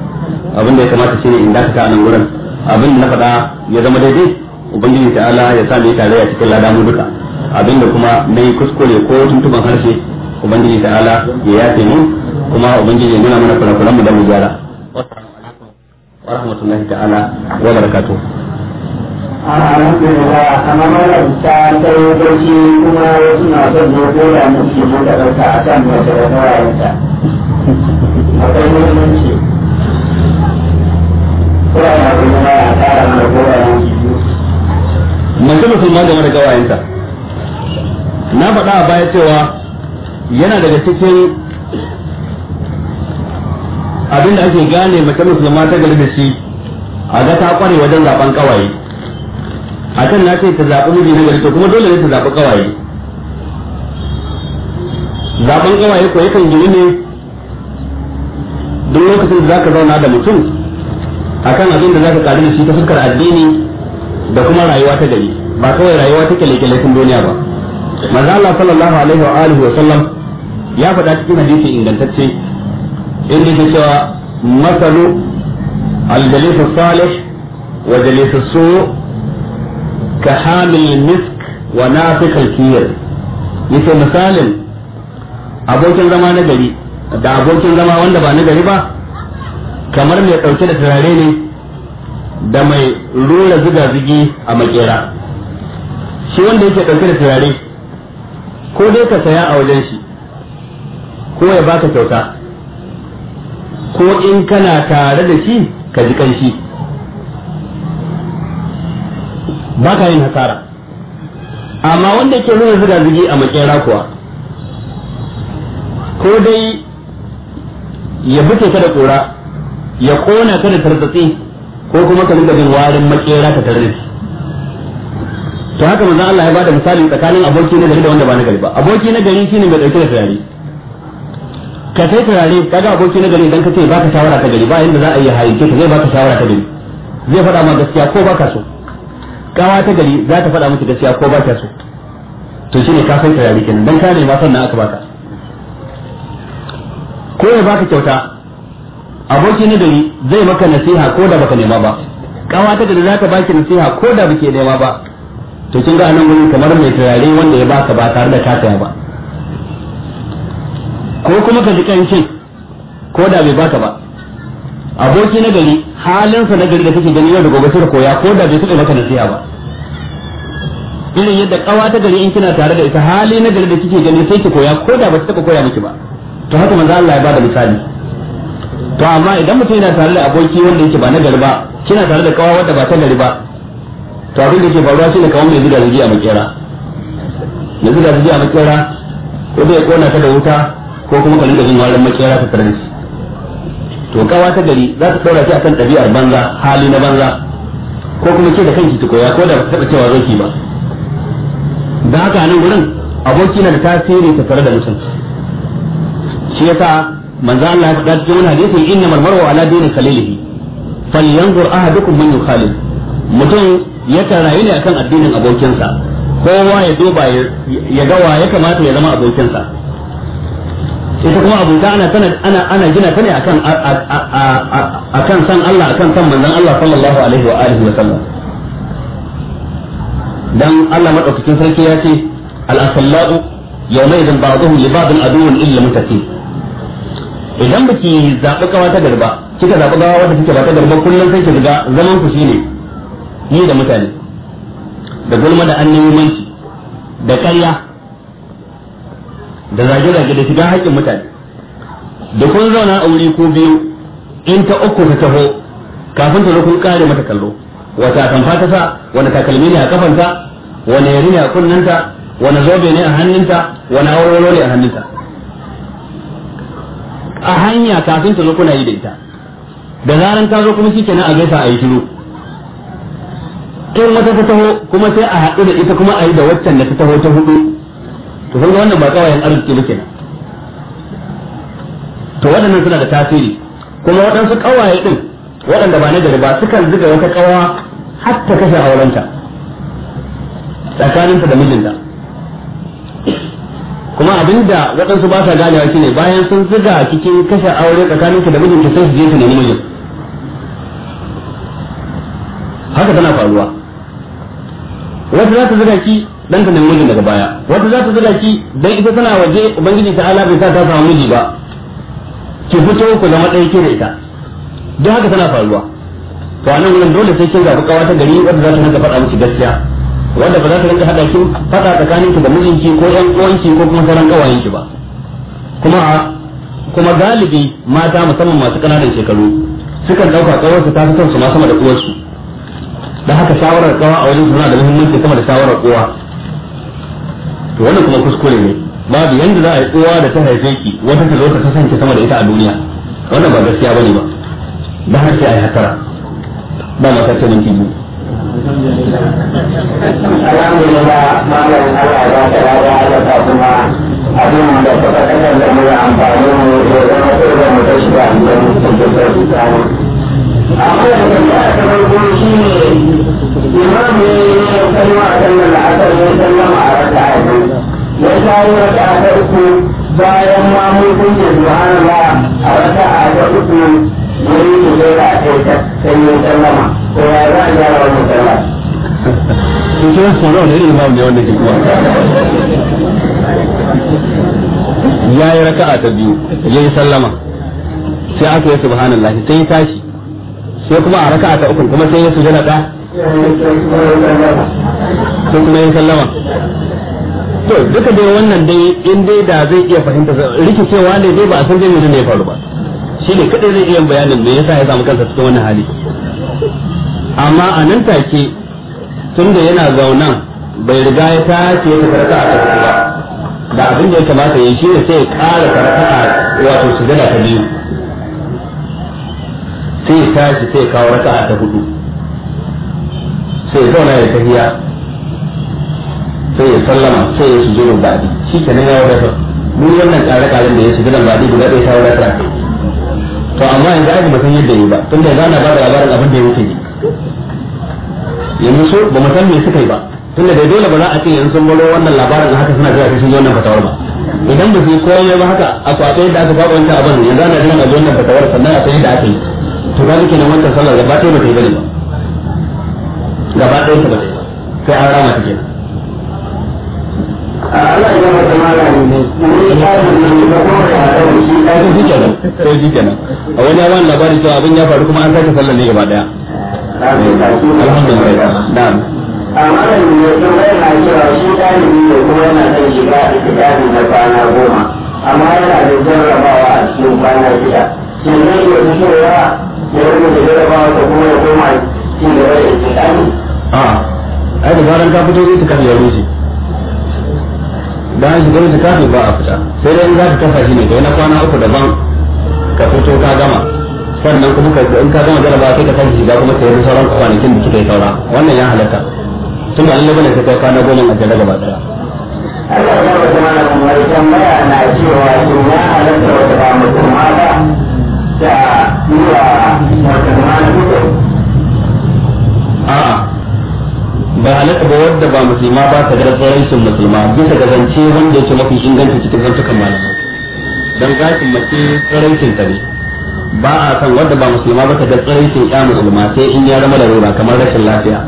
abin da ya kamata shine in da ta nan gurin abin da na faɗa ya zama daidai ubangiji ala ya sa mai tarayya cikin lada mu duka abin da kuma na yi kuskure ko tuntuban harshe ubangiji ala ya yafe mu kuma ubangiji ya nuna mana kurakuran mu da mu gyara wa rahmatullahi ta'ala wa alhamdulillah kamar ta kuma wasu da muke ɗauka a kan da akwai ya mana musulma game da kawayenta na faɗa a baya cewa yana daga cikin abin da ake gane mace musulma ta gari da shi a ga ta kware wajen zaben ƙawaye. a kan na ce ta zaɓi miji na gari to kuma dole ne ta zaɓi ƙawaye zaɓen ƙawaye ko yakan gini ne duk lokacin da za ka zauna da mutum a kan abin da za ka ƙari da shi ta fuskar addini da kuma rayuwa ta gari ba kawai rayuwa ta kyale-kyale sun duniya ba manzo Allah sallallahu alaihi wa alihi wa sallam ya faɗa cikin hadisi ingantacce inda yake cewa masalu al-jalis salih wa jalis su ka hamil misk wa na fi kalkiyar yake misalin abokin zama na gari da abokin zama wanda ba na gari ba kamar mai ɗauke da turare ne da mai rura ziga-zigi a makera shi wanda yake ɗauke da turare ko dai ka saya a wajen shi ko ya baka kyauta ko in kana tare da shi ka ji kanshi ba ka yin hasara amma wanda ke nuna zuga zugi a makera kuwa ko dai ya buke ka da kura ya kona ka da tarzatsi ko kuma ka rinka jin warin makera ta tare to haka manzon Allah ya bada misali tsakanin aboki na gari da wanda ba na gari ba aboki na gari shine mai dauke da turare ka sai turare kaga aboki na gari idan ka ce baka shawara ta gari ba inda za a yi haike ka zai baka shawara ta gari zai faɗa ma gaskiya ko baka so gawa ta gari za ta faɗa miki gaskiya ko ba ta so to shine ka san kenan dan ka ne sannan aka baka ko ya baka kyauta aboki na gari zai maka nasiha ko da baka nema ba gawa ta gari za ta baki nasiha ko da bake nema ba to kin ga nan gurin kamar mai turare wanda ya baka ba tare da ka taya ba ko kuma ka ji kancin ko da bai baka ba aboki na gari halinsa na gari da kake gani yau da gobe sai koya ko da bai taɓa maka nasiha ba irin yadda kawa ta gari in kina tare da ita hali na gari da kike gani sai ki koya ko da ba ta taɓa koya miki ba to haka manzo Allah ya bada misali to amma idan mutum yana tare da aboki wanda yake ba na gari ba kina tare da kawa wanda ba ta gari ba to abin da ke faruwa shine kawo mai zuga zugi a makera mai zuga zugi a makera ko da ya kona ta da wuta ko kuma ka da jin warin makera ta tare da shi to kawata ta gari za ta daura a akan ɗabi'ar banza hali na banza ko kuma ke da kanki ta koya ko da ba taɓa cewa zoki ba da haka nan wurin aboki na da tasiri ta tare da mutum shi yasa manzo Allah ya faɗa cikin wani hadisi inna marmaru ala dini khalilihi falyanzur ahadukum man yukhalil mutum ya tarayi ne akan addinin abokinsa kowa ya duba ya ga ya kamata ya zama abokinsa ita kuma abuta ana tana ana ana gina ta ne akan akan san Allah akan san manzon Allah sallallahu alaihi wa alihi wa sallam dan Allah madaukakin sarki ya ce al-asallahu yawmaidin ba'dhum li ba'dhin aduwwun illa muttaqin idan baki zaɓi kawa ta garba kika zaɓi kawa wanda kike ba ta garba kullum sai ki riga zaman ku shine ni da mutane da gulma da annabi da karya. da zage-zage da shiga haƙƙin mutane da kun zauna a wuri ko biyu in ta uku ta taho kafin ta zo kun kare mata kallo wata kamfa ta sa wani takalmi ne a kafanta wani yari ne a kunnanta wani zobe ne a hannunta wani awarwaro ne a hannunta a hanya kafin ta zo kuna yi da ita da zaran ta zo kuma shikenan a gaisa a yi shiru in wata ta taho kuma sai a haɗu da ita kuma a yi da waccan da ta taho ta hudu to kun ga wannan ba kawayen arziki ba kenan to waɗannan suna da tasiri kuma waɗansu kawaye din waɗanda ba na gari ba sukan zuga wata kawa har ta kashe aurenta tsakaninta da mijinta kuma abinda waɗansu ba sa ganewa shine bayan sun zuga cikin kashe aure tsakaninta da mijinta sai su je su nemi mijin haka tana faruwa wasu za ta zuga ki dan ka nemi daga baya wata za ta zuga ki dan ita tana waje ubangiji ta ala bai sa ta samu miji ba ki fito ku zama ɗaya ke da ita don haka tana faruwa to anan dole sai kin ga kawa ta gari wadda za ta rinka faɗa miki gaskiya wadda ba za ta rinka haɗa kin faɗa tsakanin ki da mijinki ko ƴan uwanki ko kuma sauran ki ba kuma kuma galibi mata musamman masu kananan shekaru sukan ɗauka ƙawarsu ta fi son su ma sama da uwarsu da haka shawarar kawa a wajen suna da muhimmanci sama da shawarar kowa to wannan kuma kuskure ne babu yanda za a yi uwa da ta haife ki wata ta zo ta kasance sama da ita a duniya wannan ba gaskiya bane ba ba har sai a yi hakara ba ma ta ce mun ki alhamdulillah malam Allah ya ta ya ta kuma abin da ta kasance da mu amfani mu da zama da mu da shi da mu da mu da bayan ma mun kunce subhanallah a wata a ta uku yayi sallama ko ya za a Ya yi raka'a ta biyu, ya yi sallama, sai aka yi subhanallah, sai ya tashi, sai kuma a raka'a ta uku kuma sai ya su jana da sai kuma yin sallama to duka dai wannan dai in dai da zai iya fahimta rikicewa ne dai ba a san dai menene ya faru ba shi ne kadai zai iya bayanin me yasa ya samu kansa cikin wannan hali amma a nan take da yana zaunan bai riga ya tace ya tafi a ta ba da abin da ya kamata ya shi ne sai ya ƙara karkata wato su sujada ta biyu sai tashi sai kawo raka'a ta hudu sai zauna ya tahiya sai ya sallama sai ya sujudu ba'di nan ya wadatar mun wannan kare karen da ya sujudu ba'di guda ɗaya ta wadatar to amma yanzu aka san yadda yi ba da zana ba da labarin abin da ya wuce yanzu so ba mu san me suka yi ba tun da dole ba za a ce yanzu sun baro wannan labarin haka suna jira shi wannan fatawar ba idan ba su yi komai ba haka a kwatsai yadda aka faɗa wancan abin yanzu ana jiran a wannan fatawar sannan a san yadda aka yi to ga kenan wannan sallar gaba ɗaya bata yi bane ba gaba ɗaya ta bata yi sai an rama ta kenan Allah ya mata malami ne, ne ya yi da kuma ya A wani yawan labari cewa abin ya faru kuma an sake sallar ne gaba ɗaya. Alhamdulillah, a amma da mai tambayar na cewa shi ɗalibi ne kuma yana son shiga a ɗalibi na kwana goma amma yana da jarrabawa a cikin kwana shida shin zai iya fitowa ya rubuta jarabawa ta kuma ya koma ci gaba da itikadi a ah, ai da zaran ka fito itikadi ya bayan shigar ba a fita sai dai in za ka kasa shi ne kai na kwana uku daban ka fito ka gama sannan kuma ka in ka gama jaraba sai ka shi shiga kuma sai da sauran kwanakin da kika yi saura wannan ya halatta tun da Allah bane sai kai kwana goma a jaraba ba. daya Allah ya ba da mana mai tambaya na cewa shin ya halatta wata ba musulma ba ta gara tsarancin musulma bisa ga zance wanda ya ce mafi inganci cikin zantukan malamai don gashin mace tsarancin ta ne ba a san wanda ba musulma ba ta ga tsarancin ya musulma sai in ya zama larura kamar rashin lafiya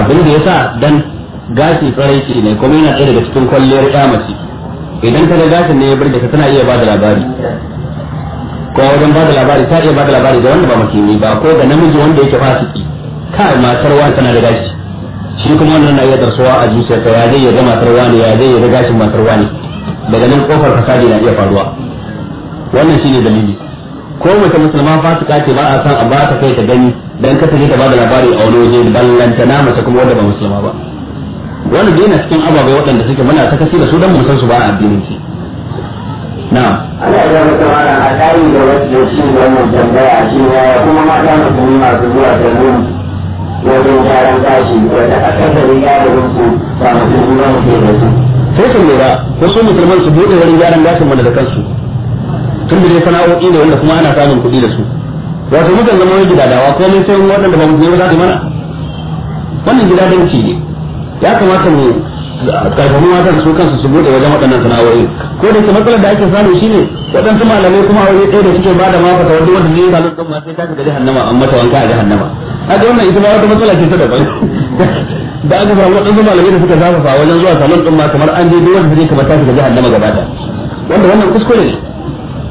abin da sa dan gashi tsaraici ne kuma yana ɗaya daga cikin kwalliyar ya mace idan ta ga gashin ne ya burge ka tana iya ba da labari ko wajen ba da labari ta iya ba da labari ga wanda ba musulmi ba ko ga namiji wanda yake fasiki kai matar wani tana da gashi shi kuma wannan na iya darsuwa a zuciyarsa ya zai yaga matar wani ya zai yaga gashin matar wani daga nan kofar fasadi na iya faruwa wannan shine dalili ko mace musulma fasika ce ba a san a ba ta kai ta gani dan ka tafi ta bada labari a wani waje ballanta na mace kuma wanda ba musulma ba wannan dai na cikin ababai waɗanda suke muna ta kasi da su dan mu san su ba a addinin shi na'am ana da mutum ana a tsari da wasu da shi wannan tambaya shi ne kuma mata musulmi masu zuwa da nuni wajen gyaran gashi wanda a kan kasarin gyaran su ba mutum ruwan ke da su. sai su lura wasu musulman su buɗe wani gyaran gashin mana da kansu tun da dai sana'o'i ne wanda kuma ana samun kuɗi da su wato mukan zama wani gidadawa komai sai waɗanda ba mu ba za su mana wannan gidadanci ne ya kamata mu karfafin matan su kansu su bude wajen waɗannan sana'o'i ko da matsalar da ake samu shine waɗansu malamai kuma a waje ɗaya da suke bada ma fata wajen wanda ne ba lokacin ma sai ta shiga jahannama an mata wanka a jihannama haka wannan ita ma wata matsala ke ta daban da aka samu waɗansu malamai da suka zafafa wajen zuwa salon ɗin ma kamar an je duk wanda suke kamar tafi shiga hannama gaba ta wanda wannan kuskure ne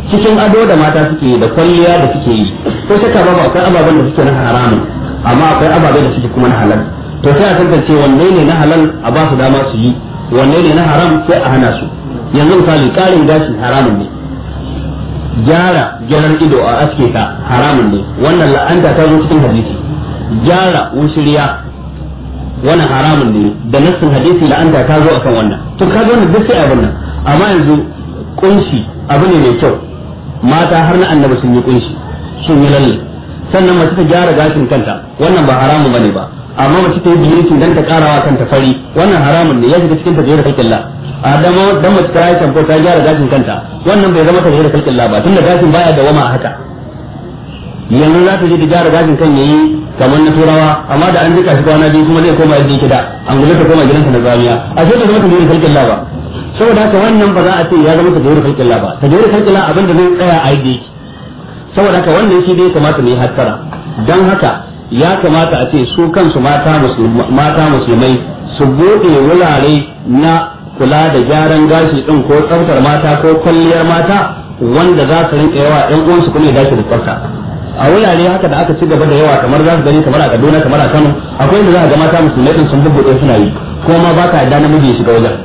cikin ado da mata suke yi da kwalliya da suke yi ko shakka babu akwai ababen da suke na haramun amma akwai ababen da suke kuma na halal to sai a tantance wanne ne na halal a ba su dama su yi wanne ne na haram sai a hana su yanzu misali karin gashi haramun ne gyara gyaran ido a aske ta haramun ne wannan la'anta ta zo cikin hadisi gyara wushiriya wannan haramun ne da nassin hadisi la'anta ta zo akan wannan to ka wannan duk sai abin nan amma yanzu kunshi abu ne mai kyau mata har na annabi sun yi kunshi sun yi lalle sannan mace ta gyara gashin kanta wannan ba haramun bane ba amma mace ta yi bilinci dan ta karawa kanta fari wannan haramun ne ya shiga cikin tafiyar la a dama dan mace ta yi shampo ta gyara gashin kanta wannan bai zama tafiyar la ba tunda gashin baya da wama haka yanzu za ta je ta gyara gashin kan yi kamar na turawa amma da an jika shi kwana biyu kuma zai koma ya yake da an gudu ta koma gidansa na zamiya a ce ta zama tafiyar la ba saboda haka wannan ba za a ce ya zama tafiyar la ba tafiyar kalkilla abin abinda zai tsaya a yi yake saboda haka wannan shi dai kamata mu yi hattara dan haka ya kamata a ce su kansu mata musulmai su bude wurare na kula da gyaran gashi din ko tsaftar mata ko kwalliyar mata wanda za su rinka yawa ɗan uwansu kuma ya dace da tsafta a wurare haka da aka ci gaba da yawa kamar za su gani kamar a Kaduna kamar a Kano akwai inda za ka ga mata musulmai din sun bubbuɗe suna yi ko ma ba ka yarda namiji ya shiga wajen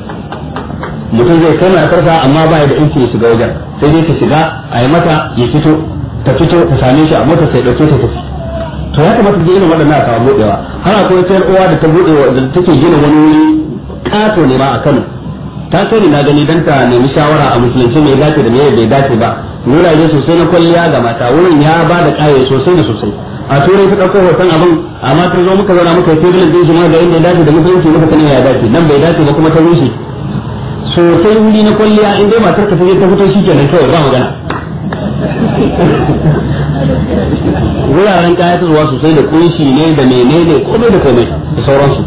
mutum zai kai mai karsa amma ba ya da inci ya shiga wajen sai dai ta shiga a yi mata ya fito ta fito ta same shi a mota sai dauke ta tafi to ya kamata gina waɗannan a samu buɗewa har akwai sayar uwa da ta buɗe da take gina wani wuri kato ne ba a Kano ta kai na gani dan ta nemi shawara a musulunci mai dace da mai bai dace ba nuna ne sosai na kwalliya ga mata wurin ya ba da ƙaye sosai da sosai a turai ta ɗauko hoton abin amma ta zo muka zauna muka yi tebulin ɗin shi ma ga inda ya dace da musulunci muka sani ya dace nan bai dace ba kuma ta rushe sosai wuri na kwalliya in dai matar ka ta fito shi kenan kawai ba magana wuraren kayatarwa sosai da kunshi ne da ne komai da komai da sauransu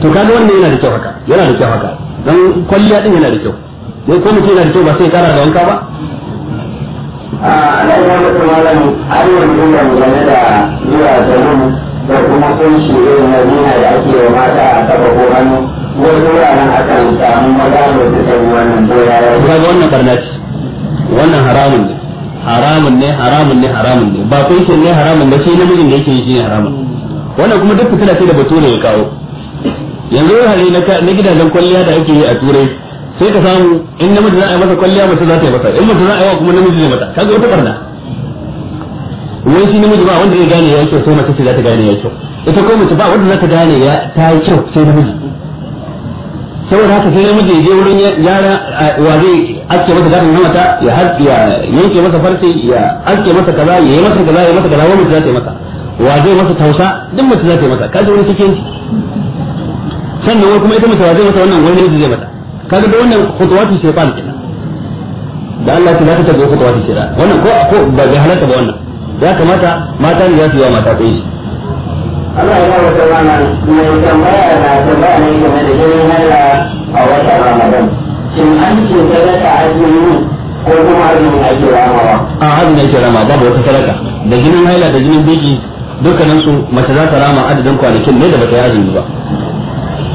to kaga wannan yana da kyau haka yana da kyau haka dan kwalliya din yana da kyau ne ko mutum yana da kyau ba sai kara da wanka ba a ana ya mutu malam an yi mutum game da zuwa zalim da kuma kunshi ne na zina da ake wa mata a kafa ko hannu wasu wuraren akan samu maza da su wannan doya ya ga wannan barnaci wannan haramun ne haramun ne haramun ne haramun ne ba kun ne haramun ba sai namijin da yake yi shine haramun wannan kuma duk fitina sai da bature ya kawo yanzu hali na gidajen kwalliya da ake yi a turai sai ka samu in namiji za a yi masa kwalliya mace za ta yi masa in mace za a yi wa kuma namiji ne mata kaga wata barna wai shi namiji ba wanda zai gane ya kyau sai mace ce za ta gane ya kyau ita ko mace ba wanda za ta gane ya ta yi kyau sai namiji saboda haka sai namiji ya je wurin yara wa zai ake masa gadon na mata ya yanke masa farce ya ake masa kaza ya yi masa kaza ya masa kaza wani za ta yi masa wa zai masa tausa duk mace za ta yi masa kaji wani cikin sannan wani kuma ita mace wa zai masa wannan wani ne zai mata kaga da wannan sai shaytan kenan da Allah ya zaka tabbata sai da wannan ko ko ba ga halatta ba wannan ya kamata mata ne za su yi wa mata kai Allah ya wata rana mai tambaya na tambaya ne game da jinin Allah a wata Ramadan shin an ce sadaka yi ko kuma azumin ake ramawa a azumin ake rama babu wata sadaka da jinin haila da jinin biki dukkanin su mace za ta rama adadin kwanakin ne da bata yi azumi ba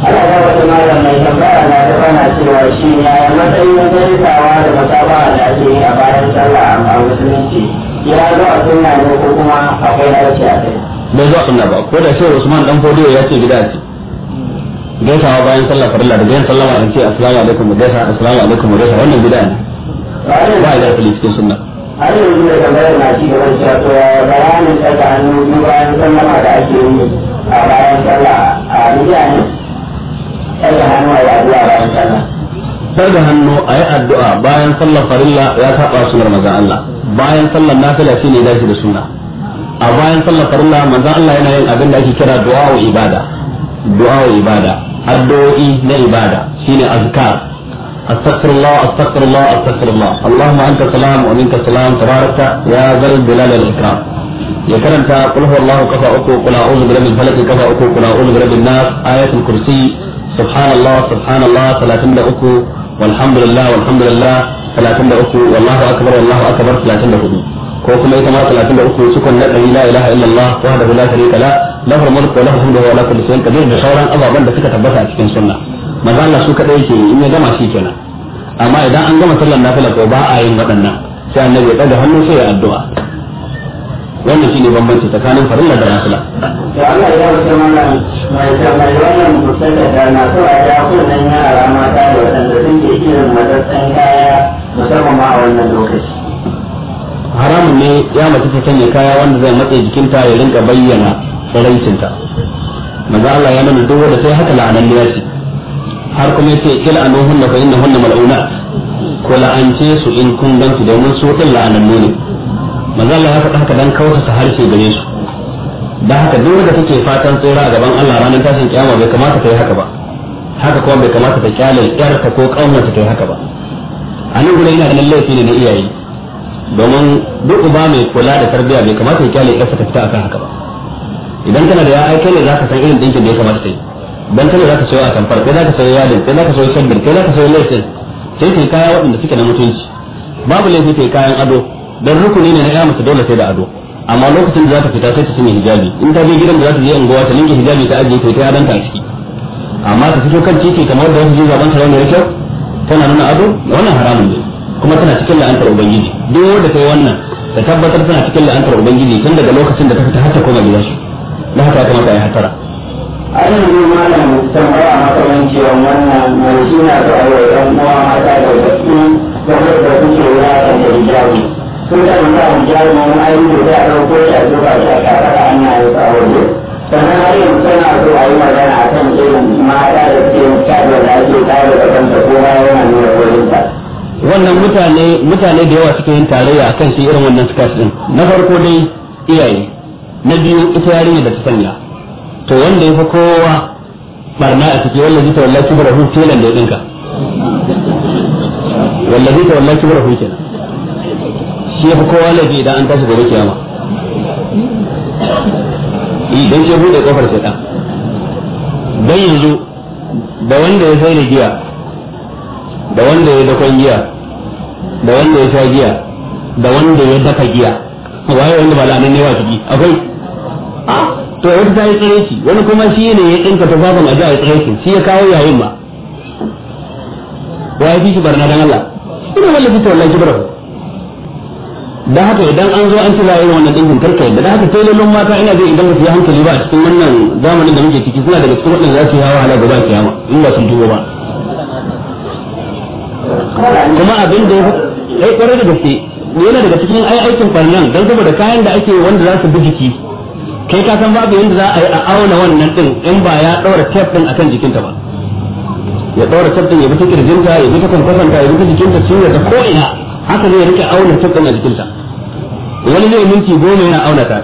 Allah ya wata malam mai tambaya na ta bana cewa shi ne ya matsayin zaitawa da musabaha da ake yi a bayan sallah a musulunci ya zo a sunna ne ko kuma akwai harshe a kai bai zo a sunna ba ko da shi Usman dan Fodiyo ya ce gida ce gaisawa bayan sallah farilla da bayan sallama an ce assalamu alaikum mu gaisa assalamu alaikum mu gaisa wannan bid'a ne ba da fili cikin sunna har yanzu da tambayar na ci gaban cewa to bayanin saka hannu biyu bayan sallama da ake yi a bayan sallah a bid'a ne saka hannu a yaduwa bayan sallah daga hannu a yi addu'a bayan sallah farilla ya saba sunar manzon Allah bayan sallar nafila shine ya dace da sunna a bayan sallar farilla manzon Allah yana yin abin da ake kira du'a wa ibada du'a wa ibada addu'o'i na ibada shine azkar astaghfirullah astaghfirullah astaghfirullah allahumma anta salam wa minka salam tabaraka ya zal يا ذا ikram ya karanta qul huwallahu kafa uku qul a'udhu bi rabbil falaq kafa uku qul a'udhu bi rabbin nas ayatul kursi subhanallah subhanallah 33 walhamdulillah walhamdulillah 33 wallahu akbar wallahu akbar 34 ko kuma ita ma 33 cikon na ɗari la ilaha illallah wahdahu la sharika la lahu mulku wa lahu hamdu wa lahu kullu shay'in qadir da sauran azaban da suka tabbata a cikin sunna manzo Allah su kadai yake in ya gama shi kenan amma idan an gama sallar nafila ko ba a yin waɗannan sai annabi ya daga hannu sai ya addu'a wannan shine bambanci tsakanin farilla da nafila to Allah ya rubuta mana mai ta mai wannan musalla da na so a da kullun yara mata da da suke kiran madarsan kaya musamman ma a wannan lokaci haramun ne ya mace ta sanya kaya wanda zai matse jikinta ya rinka bayyana tsaraicinta maza Allah ya nuna duk da sai haka la'anan ya ce har kuma yace kil da fa hunna mal'una ko la'ance su in kun dan domin su din la'anan ne maza Allah ya faɗa haka dan ta harshe gare su da haka duk da take fatan tsira a gaban Allah ranar tashin kiyama bai kamata ta yi haka ba haka kuma bai kamata ta kyale yarta ko kaunarta ta yi haka ba a nan gurin ina da laifi ne na iyaye domin duk uba mai kula da tarbiya bai kamata ya kyale yarsa ta fita akan haka ba idan kana da ya aike ne za ka san irin dinkin da ya kamata ta yi dan za ka sayo a kai za ka sayo yadin kai ka sayo shaddar kai ka sayo laifin sai kai kaya waɗanda suke na mutunci babu laifi kai kayan ado don rukuni ne na ya masa dole sai da ado amma lokacin da za ta fita sai ta sanya hijabi in ta je gidan da za ta je unguwa ta linke hijabi ta ajiye kai ta dan ta ciki amma ta fito kan titi kamar da wasu zaban sarau ne kyau tana nuna ado wannan haramun ne kuma tana cikin la'antar ubangiji duk wanda ta wannan ta tabbatar tana cikin la'antar ubangiji tun daga lokacin da ta fita har ta koma gidansu da haka ya kamata ya hatara an yi malam tambaya makamancin wannan mai shi na so a yau yan uwa mata da gaske wanda da suke wulakan da hijabi sun da nuna hijabi wani ayi da a ɗauko shi a zuba shi a ƙarar an yi ayi aure. waje sannan har yanzu tana so a yi magana a kan irin mata da suke shaɗa da ake ƙara da kanta kowa yana nuna koyinta wannan mutane mutane da yawa suke yin tarayya akan shi irin wannan scarf din na farko dai iyaye na biyu ita yarinya da ta sanya to wanda ya fi kowa barna a ciki zai ta wallahi kibra hu tilan da ya dinka zai ta wallahi kibra hu kenan shi ya fi kowa laifi idan an tashi gobe kiyama idan shi bude kofar shaitan dan yanzu da wanda ya sai da giya da wanda ya dakon giya da wanda ya sha giya da wanda ya daka giya waye wanda ba la'anan ne wa ciki akwai ah? to wani ta yi tsareci wani kuma shi ne ya tsinka ta zafin a yi tsirecin shi ya kawo yayin ma waye fi shi barna don Allah ina wallafi ta shi barna da haka idan an zo an ci la wannan dinkin karka yadda da haka sai mata ina zai idan ba hankali ba a cikin wannan zamanin da muke ciki suna daga cikin waɗanda za su yi hawa hala yi kiyama in ba sun tuwo ba kuma abin da ya eh, kwarar da gaske yana daga cikin ai aikin farnan don saboda kayan da ake wanda za su bi jiki kai ka san babu yadda za a yi a auna wannan din in ba ya daura tef din akan jikinta ba ya daura tef din ya bi ta kirjinta ya bi ta kwankwasanta ya bi ta jikinta cinya ta ko ina haka zai rike auna tef din a jikinta wani zai minti goma yana auna ta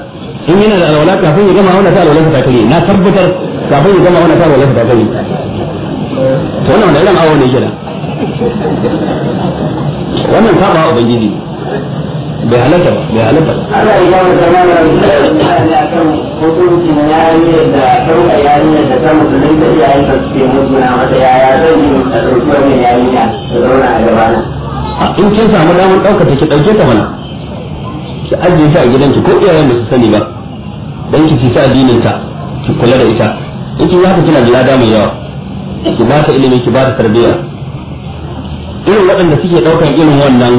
in yana da alwala kafin ya gama auna ta alwala ta kare na tabbatar kafin ya gama auna ta alwala ta kare to wannan da irin awo ne kenan wannan saba wa ubangiji bai halatta ba bai halatta ba ana yi ba da zama da mutane a kan hukunci na yariya da sauka yariya da ta musulun da iyayen da suke mutu na mata yaya zan yi da ɗauki wannan yariya da zauna a gabana in kin samu damar ɗaukar ta ki ɗauke ta mana ki ajiye ta a gidanki ko iyayen ba su sani ba dan ki ci ta addinin ta ki kula da ita in kin yi haka kina da lada mai yawa ki ba ta ilimi ki ba ta tarbiyya irin waɗanda suke ɗaukan irin wannan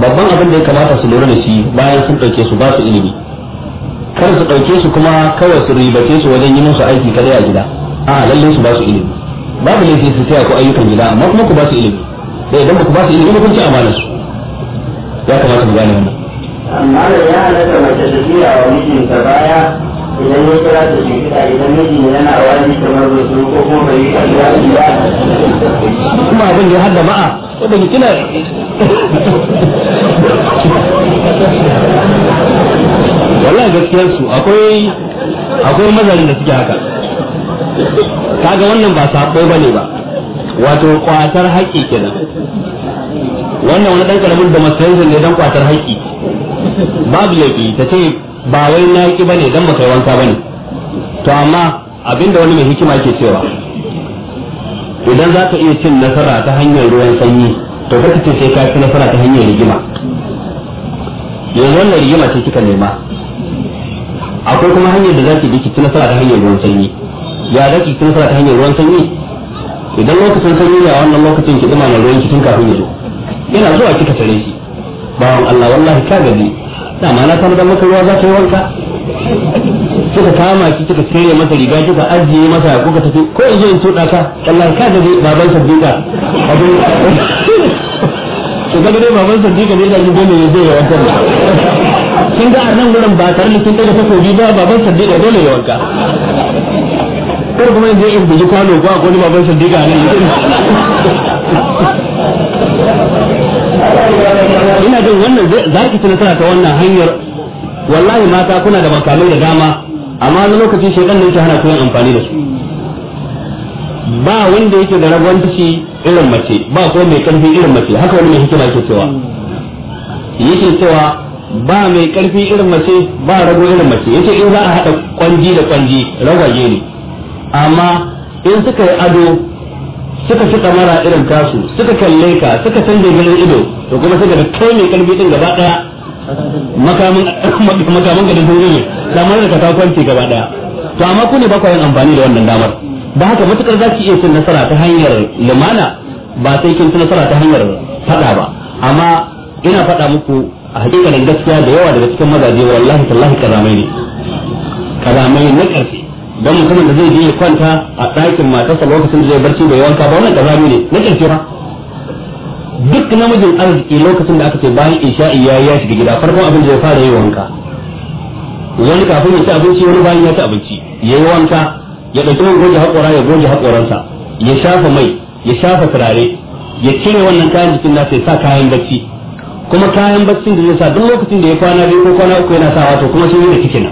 babban abin da ya kamata su lura da shi bayan sun ɗauke su ba su ilimi kar su ɗauke su kuma kawai su ribace su wajen yi musu aiki kadai a gida a lallai su ba su ilimi babu laifi su taya ko ayyukan gida amma kuma ku ba su ilimi da idan ba ku ba su ilimi kun ci amanar su ya kamata mu gane wannan amma da ya halatta mace ta biya wa mijinta bayan idan ya kira ta shi kita idan miji yana wani kamar da su ko kuma bai yi kariya ba kuma abin da ya hadda ma'a wanda kina wallahi gaskiyar su akwai akwai mazarin da suke haka kaga wannan ba sako bane ba wato kwatar haƙƙi kenan wannan wani ɗan ƙaramin da masayin ne dan kwatar haƙƙi babu laifi ta ce ba wai na ba bane don ba kai wanka bane to amma abinda wani mai hikima ke cewa idan za ka iya cin nasara ta hanyar ruwan sanyi to kaka ce sai ka ci nasara ta hanyar rigima yanzu wannan rigima ce kika nema akwai kuma hanyar da za ki bi ki ci nasara ta hanyar ruwan sanyi ya za ki ci nasara ta hanyar ruwan sanyi idan lokacin sanyi ne a wannan lokacin ki dima na ruwan ki tun kafin ya zo ina zuwa kika tare shi bawan Allah wallahi ka gaji dama na sanar da masa ruwa za ta yi wanka kika kama shi kika kere masa riga kika ajiye masa kuka tafi ko in je in tuda ka wallahi ka ga baban sabdika abin to kaga dai baban sabdika ne da gidan ne zai yi wanka kin ga nan gurin ba tare da kin daga takobi ba baban sabdika dole ya wanka kar kuma in je in buji kwano ko akwai baban sabdika ne ina jin wannan za ki nasara ta wannan hanyar wallahi mata kuna da makamai da dama amma wani lokaci shekan ne ke hana kuyan amfani da su ba wanda yake da ragwanci irin mace ba ko mai karfi irin mace haka wani mai hikima yake cewa yake cewa ba mai karfi irin mace ba rago irin mace yace in za a haɗa kwanji da kwanji ragwaje ne amma in suka yi ado suka fi kamara irin tasu suka kalle ka suka canza ganin ido to kuma suka ga kai mai kalbi din gaba daya makamin makamin ga dindin ne damar da ka kwanci gaba daya to amma ku ne ba ku yin amfani da wannan damar ba haka matukar zaki iya cin nasara ta hanyar lumana ba sai kin cin nasara ta hanyar fada ba amma ina fada muku a hakikanin gaskiya da yawa daga cikin mazaje wallahi tallahi karamai ne karamai na karfi dan mutumin da zai je ya kwanta a ɗakin matarsa lokacin da zai barci bai wanka ba wannan kaza ne na kirkira duk namijin arziki lokacin da aka ce bayan isha'i ya ya shiga gida farkon abin da zai fara yi wanka wani kafin ya ci abinci wani bayan ya ci abinci ya yi wanka ya ɗauki man goge haƙora ya goge haƙoransa ya shafa mai ya shafa turare ya cire wannan kayan jikin nasa ya sa kayan bacci kuma kayan baccin da zai sa duk lokacin da ya kwana biyu ko kwana uku yana sa to kuma sun yi da kikina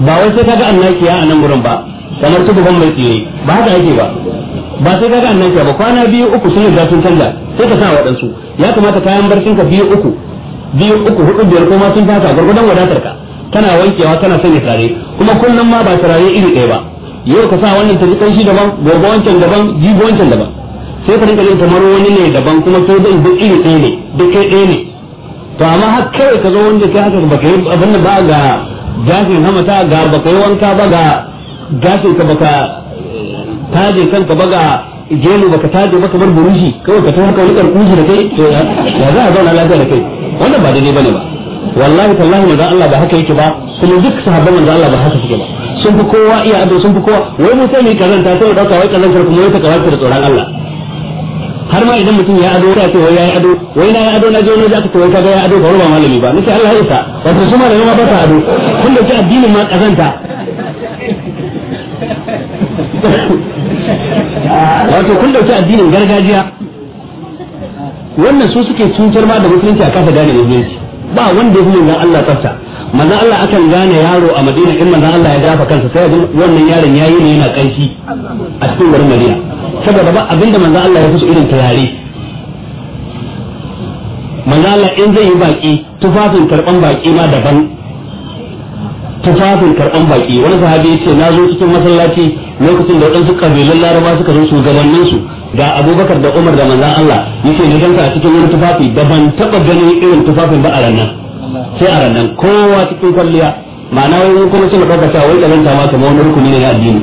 ba wai sai kaga annakiya a nan gurin ba kamar su gaban mai tsire ba haka ake ba ba sai kaga annakiya ba kwana biyu uku sun riga sun canza sai ka sa waɗansu ya kamata kayan barcin ka biyu uku biyu uku hudu biyar ko ma sun fata gurgudan wadatar ka kana wankewa kana sanya turare kuma kullum ma ba turare iri ɗaya ba yau ka sa wannan ta ji kanshi daban gobe wancan daban jibi wancan daban sai ka rinka jin kamar wani ne daban kuma sai dai duk iri ɗaya ne duk kai ɗaya ne to amma har kawai ka zo wanda kai haka ba ka yi abin da ba ga na hamata ga baka yi wanka ba ga gashi ka baka eh, taje kanka ba ga gelu baka taje ba kamar burushi kawai ka tafi kawai kan kuji da kai ya za a zauna lafiya da kai wannan ba daidai bane ba wallahi tallahi manzon Allah ba haka yake ba kuma duk sahabban manzon Allah ba haka suke ba sun fi kowa iya abin sun fi kowa wai mun sai mai karanta sai dauka wai karanta kuma wai ta karanta da tsoron Allah har ma idan mutum ya ado ya ce wai yayi ado wai na ya ado na je wani zaka to wai ga ya ado ba ruwa malami ba nake Allah ya isa wato su malami ma ba sa ado kun da addinin ma kazanta wato kun ke addinin gargajiya wannan su suke cutar ma da musulunci a kafa da ne ba wanda ya fi ga Allah tsafta manza Allah akan gane yaro a Madina in manza Allah ya dafa kansa sai wannan yaron yayi ne yana kanshi a cikin garin Madina saboda ba abinda manza Allah ya fusu irin turare manzon Allah in zai yi baki tufafin karban baki ma daban tufafin karban baki wani sahabi ya ce na zo cikin masallaci lokacin da wadansu kabilan Laraba suka zo shugabannin su ga Abubakar da Umar da manzan Allah yake ne ganka a cikin wani tufafi daban taba ganin irin tufafin ba a ranar sai a ranar kowa cikin kwalliya ma'ana wani kuma suna ɗauka cewa wai ƙazanta ma kamar wani rukuni ne na addini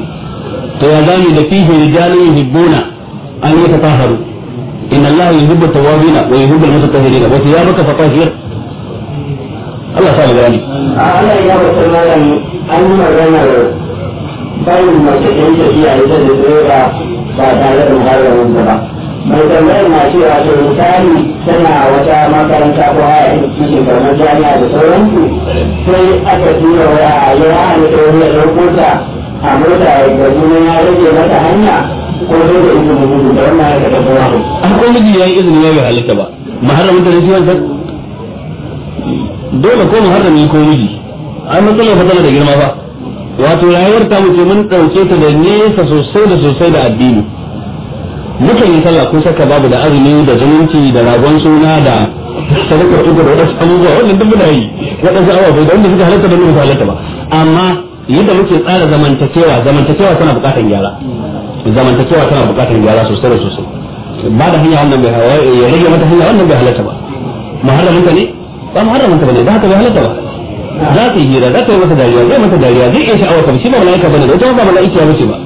to ya zamu da fihi rijalun yuhibbuna an yi tafaharu inna Allah yuhibbu tawabina wa yuhibbu al-mutatahhirina wa thiyabaka fatahhir Allah sa mu gani Allah ya wata malam an yi maganar bayin mace ɗin tafiya ita da tsira ba tare da muharramin ba mai tambayar na cewa to misali tana wata makaranta ko haya ta kishi kamar jami'a da sauransu sai aka tura waya a yi hana ta wani ɗaukota a mota ga juna ya rage mata hanya ko sai da izinin gudu da wannan ya kaɗa kowa. Akwai miji ya yi izini ya bai halitta ba. Maharamin da rashi wancan? Dole ko muharrami ko miji. Ai matsalar fatala da girma ba. Wato rayuwar ta mu ce mun ɗauke ta da nesa sosai da sosai da addini. mukan yi sallah kun saka babu da azumi da zumunci da ragon suna da sadakar ko da wadansu abubuwa wannan duk muna yi wadansu abubuwa da wanda suka halatta da wanda halatta ba amma yadda muke tsara zamantakewa zamantakewa tana bukatar gyara zamantakewa tana bukatar gyara sosai da sosai ba da hanya wannan bai ya rage mata hanya wannan bai halatta ba muharramin ne ba muharramin ka bane da haka bai halatta ba za ta yi hira za ta yi masa dariya zai masa dariya zai iya sha'awar ka shi ba mala'ika bane da ita ba mala'ika ba ce ba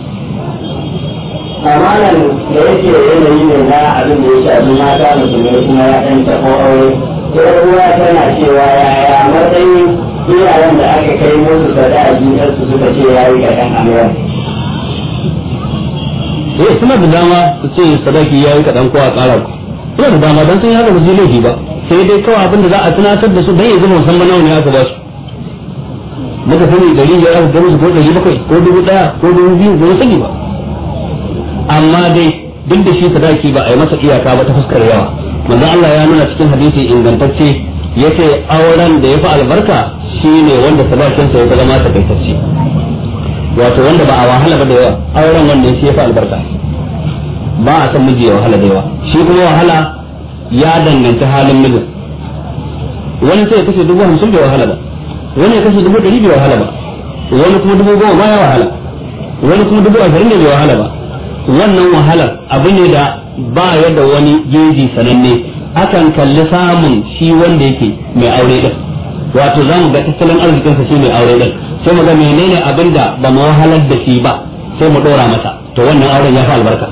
amanan da yake yanayi ne na abin da ya shafi mata musulmai kuma ya ɗan taɓo aure sai ruwa tana cewa yaya matsayin iyayen da aka kai musu sadaki su suka ce ya yi kaɗan amuran eh suna da dama su ce sadaki ya yi kaɗan ko a ƙara ku suna da dama don sun yi haka ba laifi ba sai dai kawai abin da za a tunatar da su don yanzu musamman nawa ne aka ba su muka sani dari biyar aka gani su ko dari bakwai ko dubu ɗaya ko dubu biyu ba sani ba amma dai duk da shi sadaki ba a yi masa iyaka ba ta fuskar yawa manzo Allah ya nuna cikin hadisi ingantacce yace auren da ya fi albarka shine wanda sabakin sa ya zama kaitacce wato wanda ba a wahala ba da yawa auren wanda shi ya fi albarka ba a san miji ya wahala da yawa shi kuma wahala ya danganci halin mijin wani sai ya kashe dubu hamsin bai wahala ba wani ya kashe dubu dari bai wahala ba wani kuma dubu goma ba ya wahala wani kuma dubu ashirin ne bai wahala ba wannan wahalar abu ne da ba ya da wani geji sananne akan kalli samun shi wanda yake mai aure din wato za mu ga tattalin arzikinsa shi mai aure din sai mu ga menene abin da ba mu wahalar da shi ba sai mu dora masa to wannan auren ya fi albarka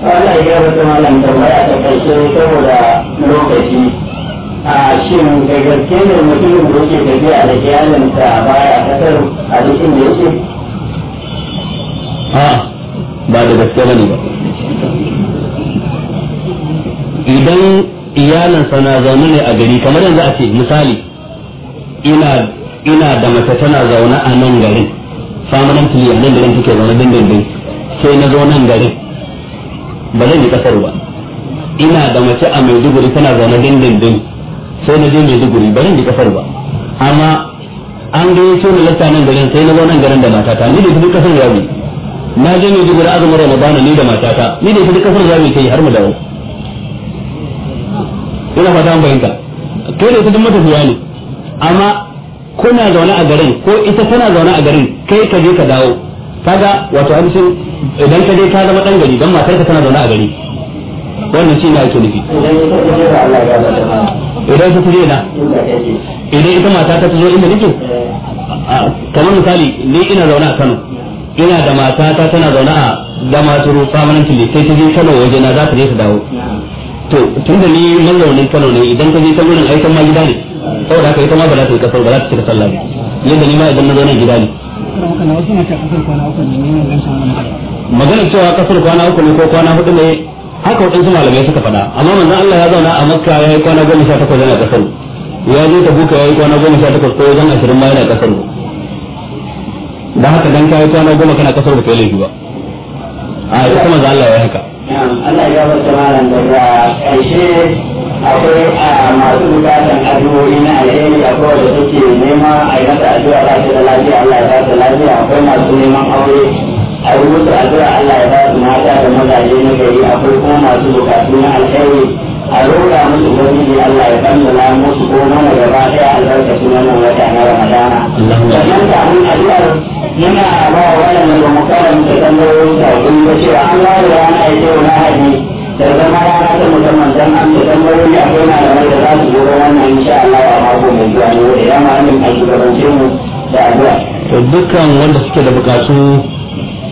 wannan ya wata malam tambaya ta karshe saboda lokaci a shin da gaske ne mutumin da yake tafiya da iyalinsa baya kasar a cikin da yake a ba da gaske ne ba idan iyalan na zaune ne a gari kamar yanzu a ce misali ina ina da mace tana zaune a nan garin samanan tuli a nan garin take zaune dindindin sai na zo nan garin ba zan yi kasar ba ina da mace a maiduguri tana zaune dindindin sai na je maiduguri ba zan yi kasar ba amma an gayyato ni lakta nan garin sai na zo nan garin da ta ni da duk kasar yawo na je ne jibir azumin ramadan ni da matata ni da ita kafar zamu kai har mu dawo ina fata an bayyana to ne ta duk zuwa ne amma kuna zaune a garin ko ita tana zaune a garin kai ka je ka dawo kaga wato hamsin idan ka je ka zama dan gari dan matar ka tana zaune a gari wannan shi ne ake nufi idan ta tuje na idan ita matata ta zo inda nake kamar misali ni ina zaune a Kano ina da matata tana zaune a gama turu famanin ne sai ta je kano waje na za ta je ta dawo to tun da ni mazaunin kano ne idan ta je ta wurin aikin ma gida ne saboda haka ita ma ba za ta yi kasar ba za ta cika sallah ba yadda ni ma idan na zaune gida ne maganar cewa kasar kwana uku ne ko kwana hudu ne haka waɗansu malamai suka faɗa amma manzon Allah ya zauna a makka ya yi kwana goma sha takwas yana kasar ya je ta buka ya yi kwana goma sha takwas ko wajen ashirin ma yana kasar dan haka dan kai kwana goma kana kasar da kai laifi ba a yi kuma za Allah ya haka Allah ya ba ta malam daga ƙarshe akwai masu bukatan addu'o'i na alheri akwai da suke nema a yi mata addu'a ba ta da lafiya Allah ya ba ta lafiya akwai masu neman aure a yi musu addu'a Allah ya ba su mata da mazaje na gari akwai kuma masu bukatu na alheri a roƙa musu ubangiji Allah ya kammala musu ko mana gaba ɗaya albarkacin wannan wata na Ramadana. Sannan kamun addu'ar muna ba wa waɗanda ba mu kara muka tambayoyin sabbin ba cewa an ware rana ya ce na haɗi da zama rana ta musamman don an ta tambayoyi akwai malamai da za su zo wannan insha Allah a mako mai zuwa ne da ya ma'amin a shugabancin mu da addu'a. To dukkan wanda suke da bukatu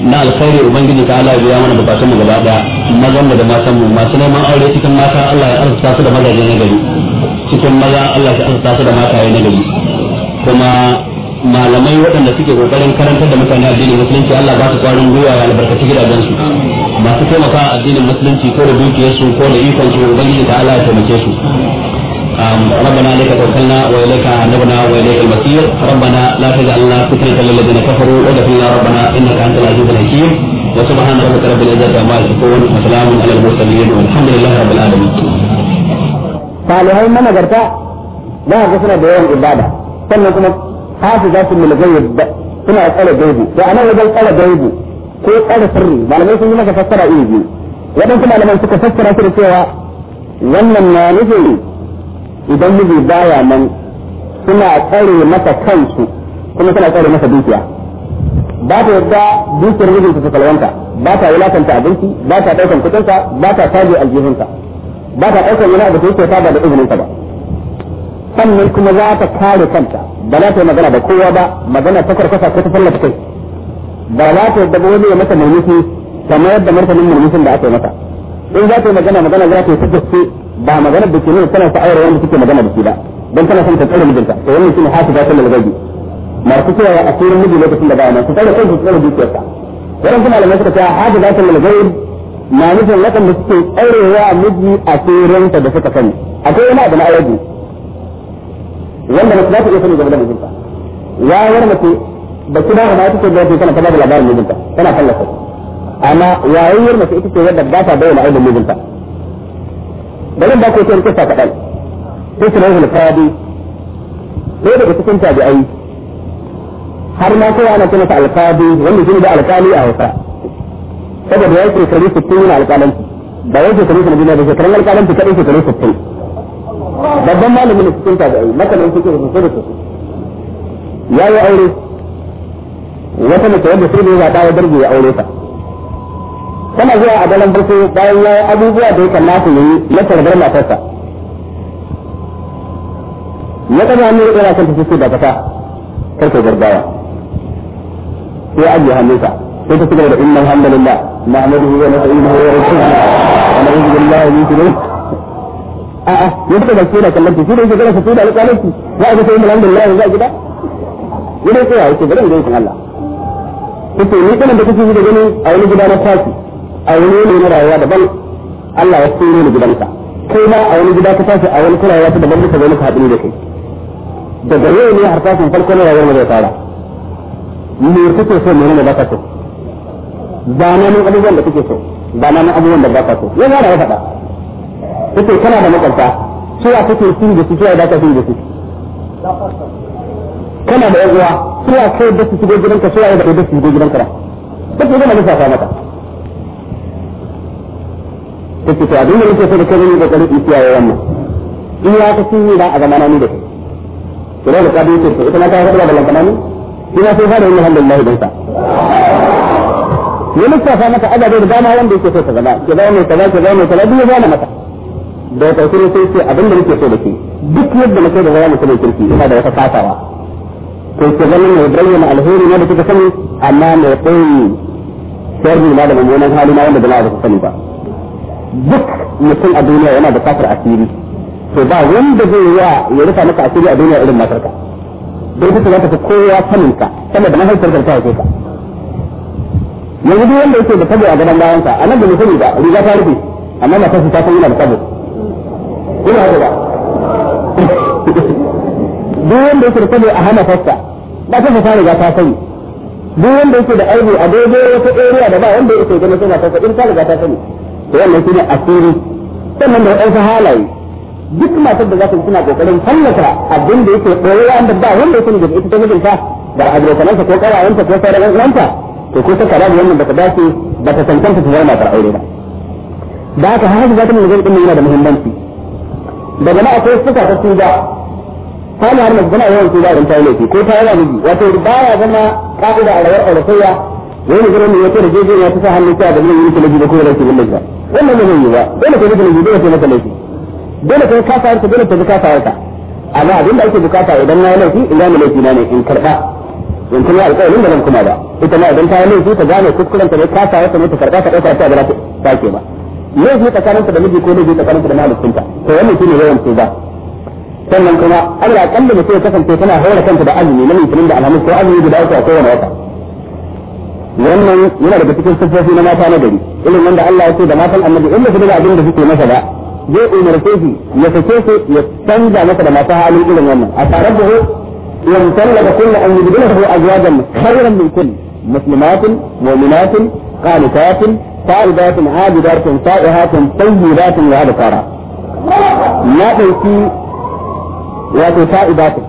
na alkhairi ubangiji ta Allah ya mana bukatun mu gaba da mazan da matan mu masu neman aure cikin mata Allah ya arzuta su da mazaje na gari cikin maza Allah ya arzuta su da mata na gari kuma malamai waɗanda suke kokarin karantar da mutane addinin musulunci Allah ba su kwarin gwiwa ya albarkaci gidajen su masu taimaka addinin musulunci ko da dukiyarsu ko da ikon su ubangiji ta Allah ya taimake su Um, ربنا عليك توكلنا واليك انبنا واليك المصير ربنا لا تجعلنا فتنه للذين كفروا وادخلنا ربنا انك انت العزيز الحكيم وسبحان ربك رب العزه عما يصفون وسلام على المرسلين والحمد لله رب العالمين. salihai managarta za ga suna da yawan ibada sannan kuma hafi za su mulgayyar suna tsare gaibu to a nan ko tsare sirri malamai sun yi maka fassara iri biyu waɗansu malamai suka fassara shi da cewa wannan na nufin idan miji baya nan suna tsare masa kansu kuma suna tsare masa dukiya ba ta yadda dukiyar mijinta ta salwanta ba ta wulakanta abinci ba ta ɗaukan kuɗinsa ba ta taje aljihunsa ba ta ɗaukan yana da yake saba da izininsa ba sannan kuma za ta kare kanta ba za ta yi magana da kowa ba magana ta karkasa ko ta fallata kai ba za ta yadda ba wani ya mata murmushi kamar yadda martanin murmushin da aka yi mata in za ta yi magana magana za ta yi ta gaske ba magana da ke nuna tana sa aure wanda take magana da shi ba dan tana son ta tsare mijinta to wannan shine hasiba kullal ma masu cewa a asirin miji lokacin da ba ma su tsare kai kansu tsare dukiyarsa wannan kuma malamai suka ce hasiba kullal gaibi na nufin da suke tsarewa miji ta da suka sani akwai wani abu na aure wanda mace za ta iya sani game da mijinta ya yawar mace ba ki ba ma ta ce da ta tana kalla da labarin mijinta tana kallasa amma yayin yar mace ita ce wadda ba ta bayyana aibin mijinta bari ba ku kiyar kisa kaɗan sai su rahul fadi ɗaya daga cikin tabi'ai har ma kowa ana kuma alfadi wanda shi da alƙali a hausa saboda ya ce shekaru sittin yana alƙalanci ba da shekaru sittin na da shekarun su kaɗai shekaru sittin babban malamin da cikin tabi'ai makalin suke da sosai da sosai ya yi aure wata mace wanda sai ne ya zaɓa ya ya aure ta tana zuwa a daren farko bayan ya abubuwa da ya kamata ya yi na tarbar matarsa ya kama hannu ya ira kanta sai da kasa karka garbawa sai ya ajiye hannunsa sai ta cigaba da innan hamdalillah na'amaduhu wa nasta'inuhu wa na wa na'udhu billahi min shururi a'a ya tsaya da shi da kallon shi da yake gara su da alƙalanci za a ga sai alhamdulillah za a gida idan tsaya yake bari da ga Allah kace ni kana da kake yi da gani a wani gida na tashi a wani ne na rayuwa daban Allah ya tsoro ni gidanka kai ma a wani gida ka tashi a wani kurawa ta daban muka zo muka haɗu da kai daga yau ne har tashin farko na rayuwar mu zai fara me kake so me ne ba ka so ba na mun abubuwan da kake so ba na mun abubuwan da ba ka so ya ga da faɗa ce kana da makwabta cewa kake sun da su cewa da ka sun da su kana da yan uwa cewa kai da su shigo gidanka cewa da kai da su shigo gidanka ba kake ga na lissafa mata. take to abin da nake so da kai zan yi kokari in kiyaye wannan in ya ka sun da a zamana ni da kai to da ka dace to ita ma ta rabu da lantana ni ina sai fara yin alhamdulillah dan sa ya lissafa maka ababe da dama wanda yake so ka zama ke zama mai kaza ke zama mai kaza duk ya zama maka da ya karshe sai ce abin da nake so da ke duk yadda na kai da zama mutumin kirki ina da wata kasawa ko ke zama mai bayyana alheri na da kika sani amma mai koyi sharri na da mummunan hali na wanda da na ba sani ba duk mutum a duniya yana da kafar asiri to ba wanda zai yi wa ya rufa maka asiri a duniya irin matarka don kuka za ta fi kowa saninka sannan sama da mahaifar ta a kuka. yanzu duk wanda yake da tabo a gaban bayansa a nan da mutum ba riga ta rufe amma na kasu ta san yana da tabo ina haka ba duk wanda yake da tabo a hana fasta ba ta fara riga ta sani duk wanda yake da aibu a dogo wata area da ba wanda yake ganin suna matarsa in ta riga ta sani to wannan shine asiri sannan da wadansu halaye duk matar da za su suna kokarin fallasa abin da yake koyarwa wanda ba wanda yake da ita ta mijinta da abokanansa ko kawayenta ko sauran ɗan uwanta to ko saka da wannan baka dace bata tantance ta zama matar aure ba da haka har zata mun zai yana da muhimmanci daga na akwai suka ta tuba kana har magana yawan tuba idan ta yi ko ta yawa laifi wato baya zama ka'ida a rayuwar auratayya wani gurin ne wata rajejeniya ta sa hannun ta da zai yi talabi da kuma rashi da laifa wannan ba zai yi ba dole ka yi talabi dole ka maka laifi dole ka yi kafawarka dole ka yi kafawarka amma abin da ake bukata idan na yi laifi in gane laifi na ne in karɓa in kuma alƙawarin da zan kuma ba ita ma idan ta yi laifi ta gane kuskuren ta ne kafawarka ne ta karɓa ta ɗauka ta ba za ta ke ba laifi tsakaninta da miji ko laifi tsakaninta da mahaifinta to wannan shine yawan tuba sannan kuma Allah akalla mutum ya kasance tana haura kanta da azumi na litinin da alhamis ko azumi guda uku a kowane wata wannan yana daga cikin siffofi na mata na gari irin wanda Allah ya ce da matan annabi illa su daga abin da suke masa ba zai umarce shi ya sake su ya canza masa da masu halin irin wannan a tare da yan tallaka kullu an yubdilahu azwajan khayran min kulli muslimatin mu'minatin qanitatin ta'ibatin abidatin sa'ihatin tayyibatin wa abkara na dauki wato ta'ibatin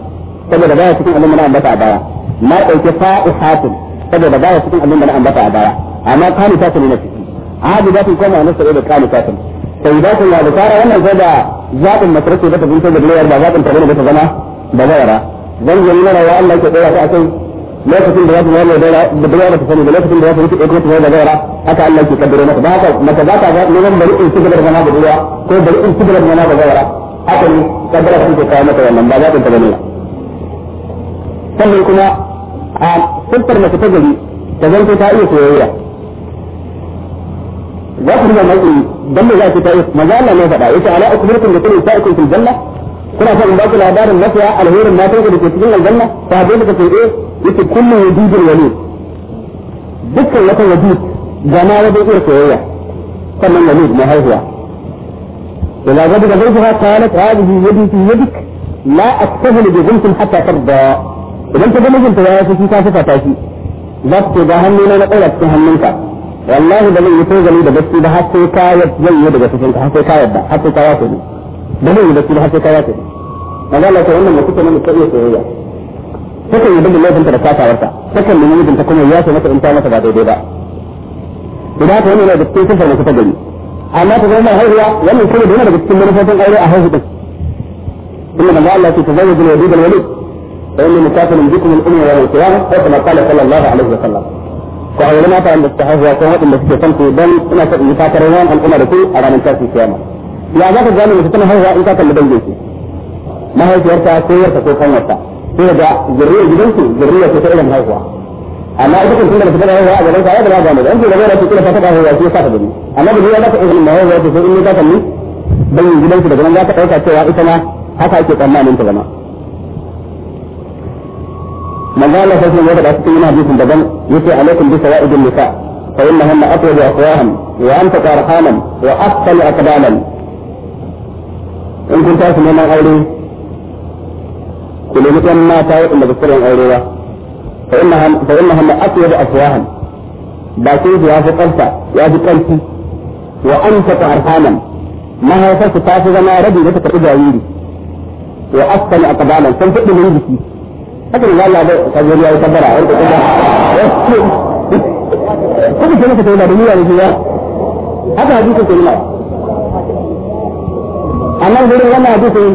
saboda baya cikin annabi na ambata a baya na dauki sa'ihatin saboda baya cikin abin da na ambata a baya amma kani ta ne na ciki hadi da koma ana sai da kani ta sai da kun ya da fara wannan sai da zaɓin masarki da tabin ta da lawyer ba zaɓin ta ne da zama da yara zan yi mana wa Allah ke dora ta kai lokacin da zabin wannan da da bayara ta sani da lokacin da ya rike kuma ta da yara haka Allah ke kaddaro maka ba haka maka za ka ga ne bari in gaba da zama da bayara ko bari in gaba da zama da bayara haka ne kaddara ta ke kawo maka wannan ba zaɓin ta ne sannan kuma a فلتر ما تتجلي تجلت تائية سوية واحد ما يقول دم جاء تتائية ما جاء الله نوفا دائية على أكبركم لكل إنسائكم في الجنة كنا فهم باقي الأدار النفيا على غير الناتج اللي تتجلنا الجنة فهذين تتجل إيه يتب كل وجود الوليد ذكر لك وجود جماعة بإير سوية كما الوليد ما هي هو إذا غضب غيرها قالت هذه يدي في يدك لا أكتبل بغمت حتى ترضى idan ta ga mijinta ya yi ta suka tashi za ta ce ga hannu na ɗaura cikin hannunka wallahi da zan yi tozali da gaske da har sai ka zan yi daga cikin ka har sai ka yadda har sai ka yafe ni da zan yi gaske da har sai ka yafe ni maza Allah ta wannan mutum ne ta sai ya takan yi dubin laifinta da kasawarta takan nemi mijinta kuma ya ce mata in ta mata ba daidai ba idan haka wani yana da cikin sifar mutum ta gari amma ta zama haihuwa wannan kuma da yana daga cikin manufofin aure a haihu din inda maza Allah ce ta zama da wadudar walid فإني مسافر بكم الأمة يوم القيامة كما قال صلى الله عليه وسلم وأولما فأن التحاف وقوة إن استيقن في بني أنا مسافر يوم الأمة لكي أرى من كاس القيامة يا ذاك الزمن مسافر هو إن كاس اللي بيجي ما هي سيارتها سيارتها سيارتها سيارتها سيارتها ذرية جدنسي ذرية تسعيدا هو أما إذا كنت كنا مسافر هو هذا ليس هذا لا جامد أنت لو رأيت كل فتاة هو في سافر بني أما بدي أنا إذن ما هو في إني كاس اللي بيجي جدنسي لكن أنا لا تقول كاس هو إسمه haka ake tsammanin ta zama من قال له فسنا يرد أسكينا حديث دبن يتي عليكم بسوائد النساء فإنهن أطيب أقواهم وأنفق أرحاما وأثقل أقداما in kun tashi neman aure ku nemi ɗan mata waɗanda ba su yin aure ba fa inna hanna aswa da aswahan bakin su ya fi ƙarfa ya fi wa an tafi arhaman mahaifarsu ta fi zama rabi da jariri wa a kabalan sun fi ɗumin jiki haka ne Allah bai ka zo tabbara wanda kuma kuma sai ka tauna da niyya ne ya haka hadisin ke nuna annan gudun wannan hadisin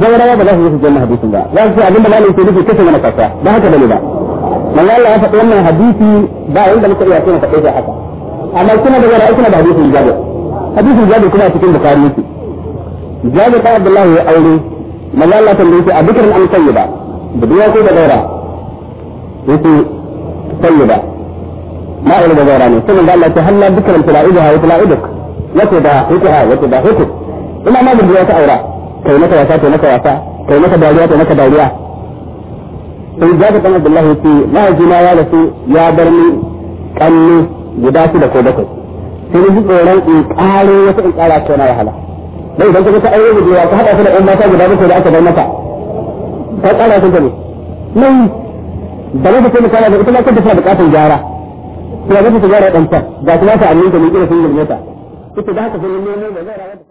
gaurawa ba za su yi su janna hadisin ba za su ce abinda malam ke nufi kace mana kasa ba haka bane ba manzo ya wannan hadisi ba inda muka iya cewa faɗe shi haka amma kuma da gaurawa kuma da hadisin jabir hadisin jabir kuma cikin bukhari yake jabir ta Abdullahi ya aure manzo Allah tambaye shi a bikirin an sanya ba da duwa ko da gaira yake sayyida ma'ul da gaira ne sannan da Allah ta halla dukkan tula'iduha wa tula'iduk yake da hukuha yake da hukuk ina ma da duwa ta aura kai mata wasa kai mata wasa kai mata dariya kai mata dariya sai jaga kan Abdullahi yace mahaifina ya rasu ya bar ni kanni guda shida ko bakwai sai ni ji tsoron in ƙaro wata in ƙara ko na wahala dai idan ka ta aure da ka haɗa ta da ɗan mata guda bakwai da aka bar mata ta kara sun gani nan da na tafi misali da ita ma kanta tana bukatar gyara to ya zai ta gyara dan ta ga kuma ta aminta ne kira sun gilmeta ita da haka sun nemo ba zai rawar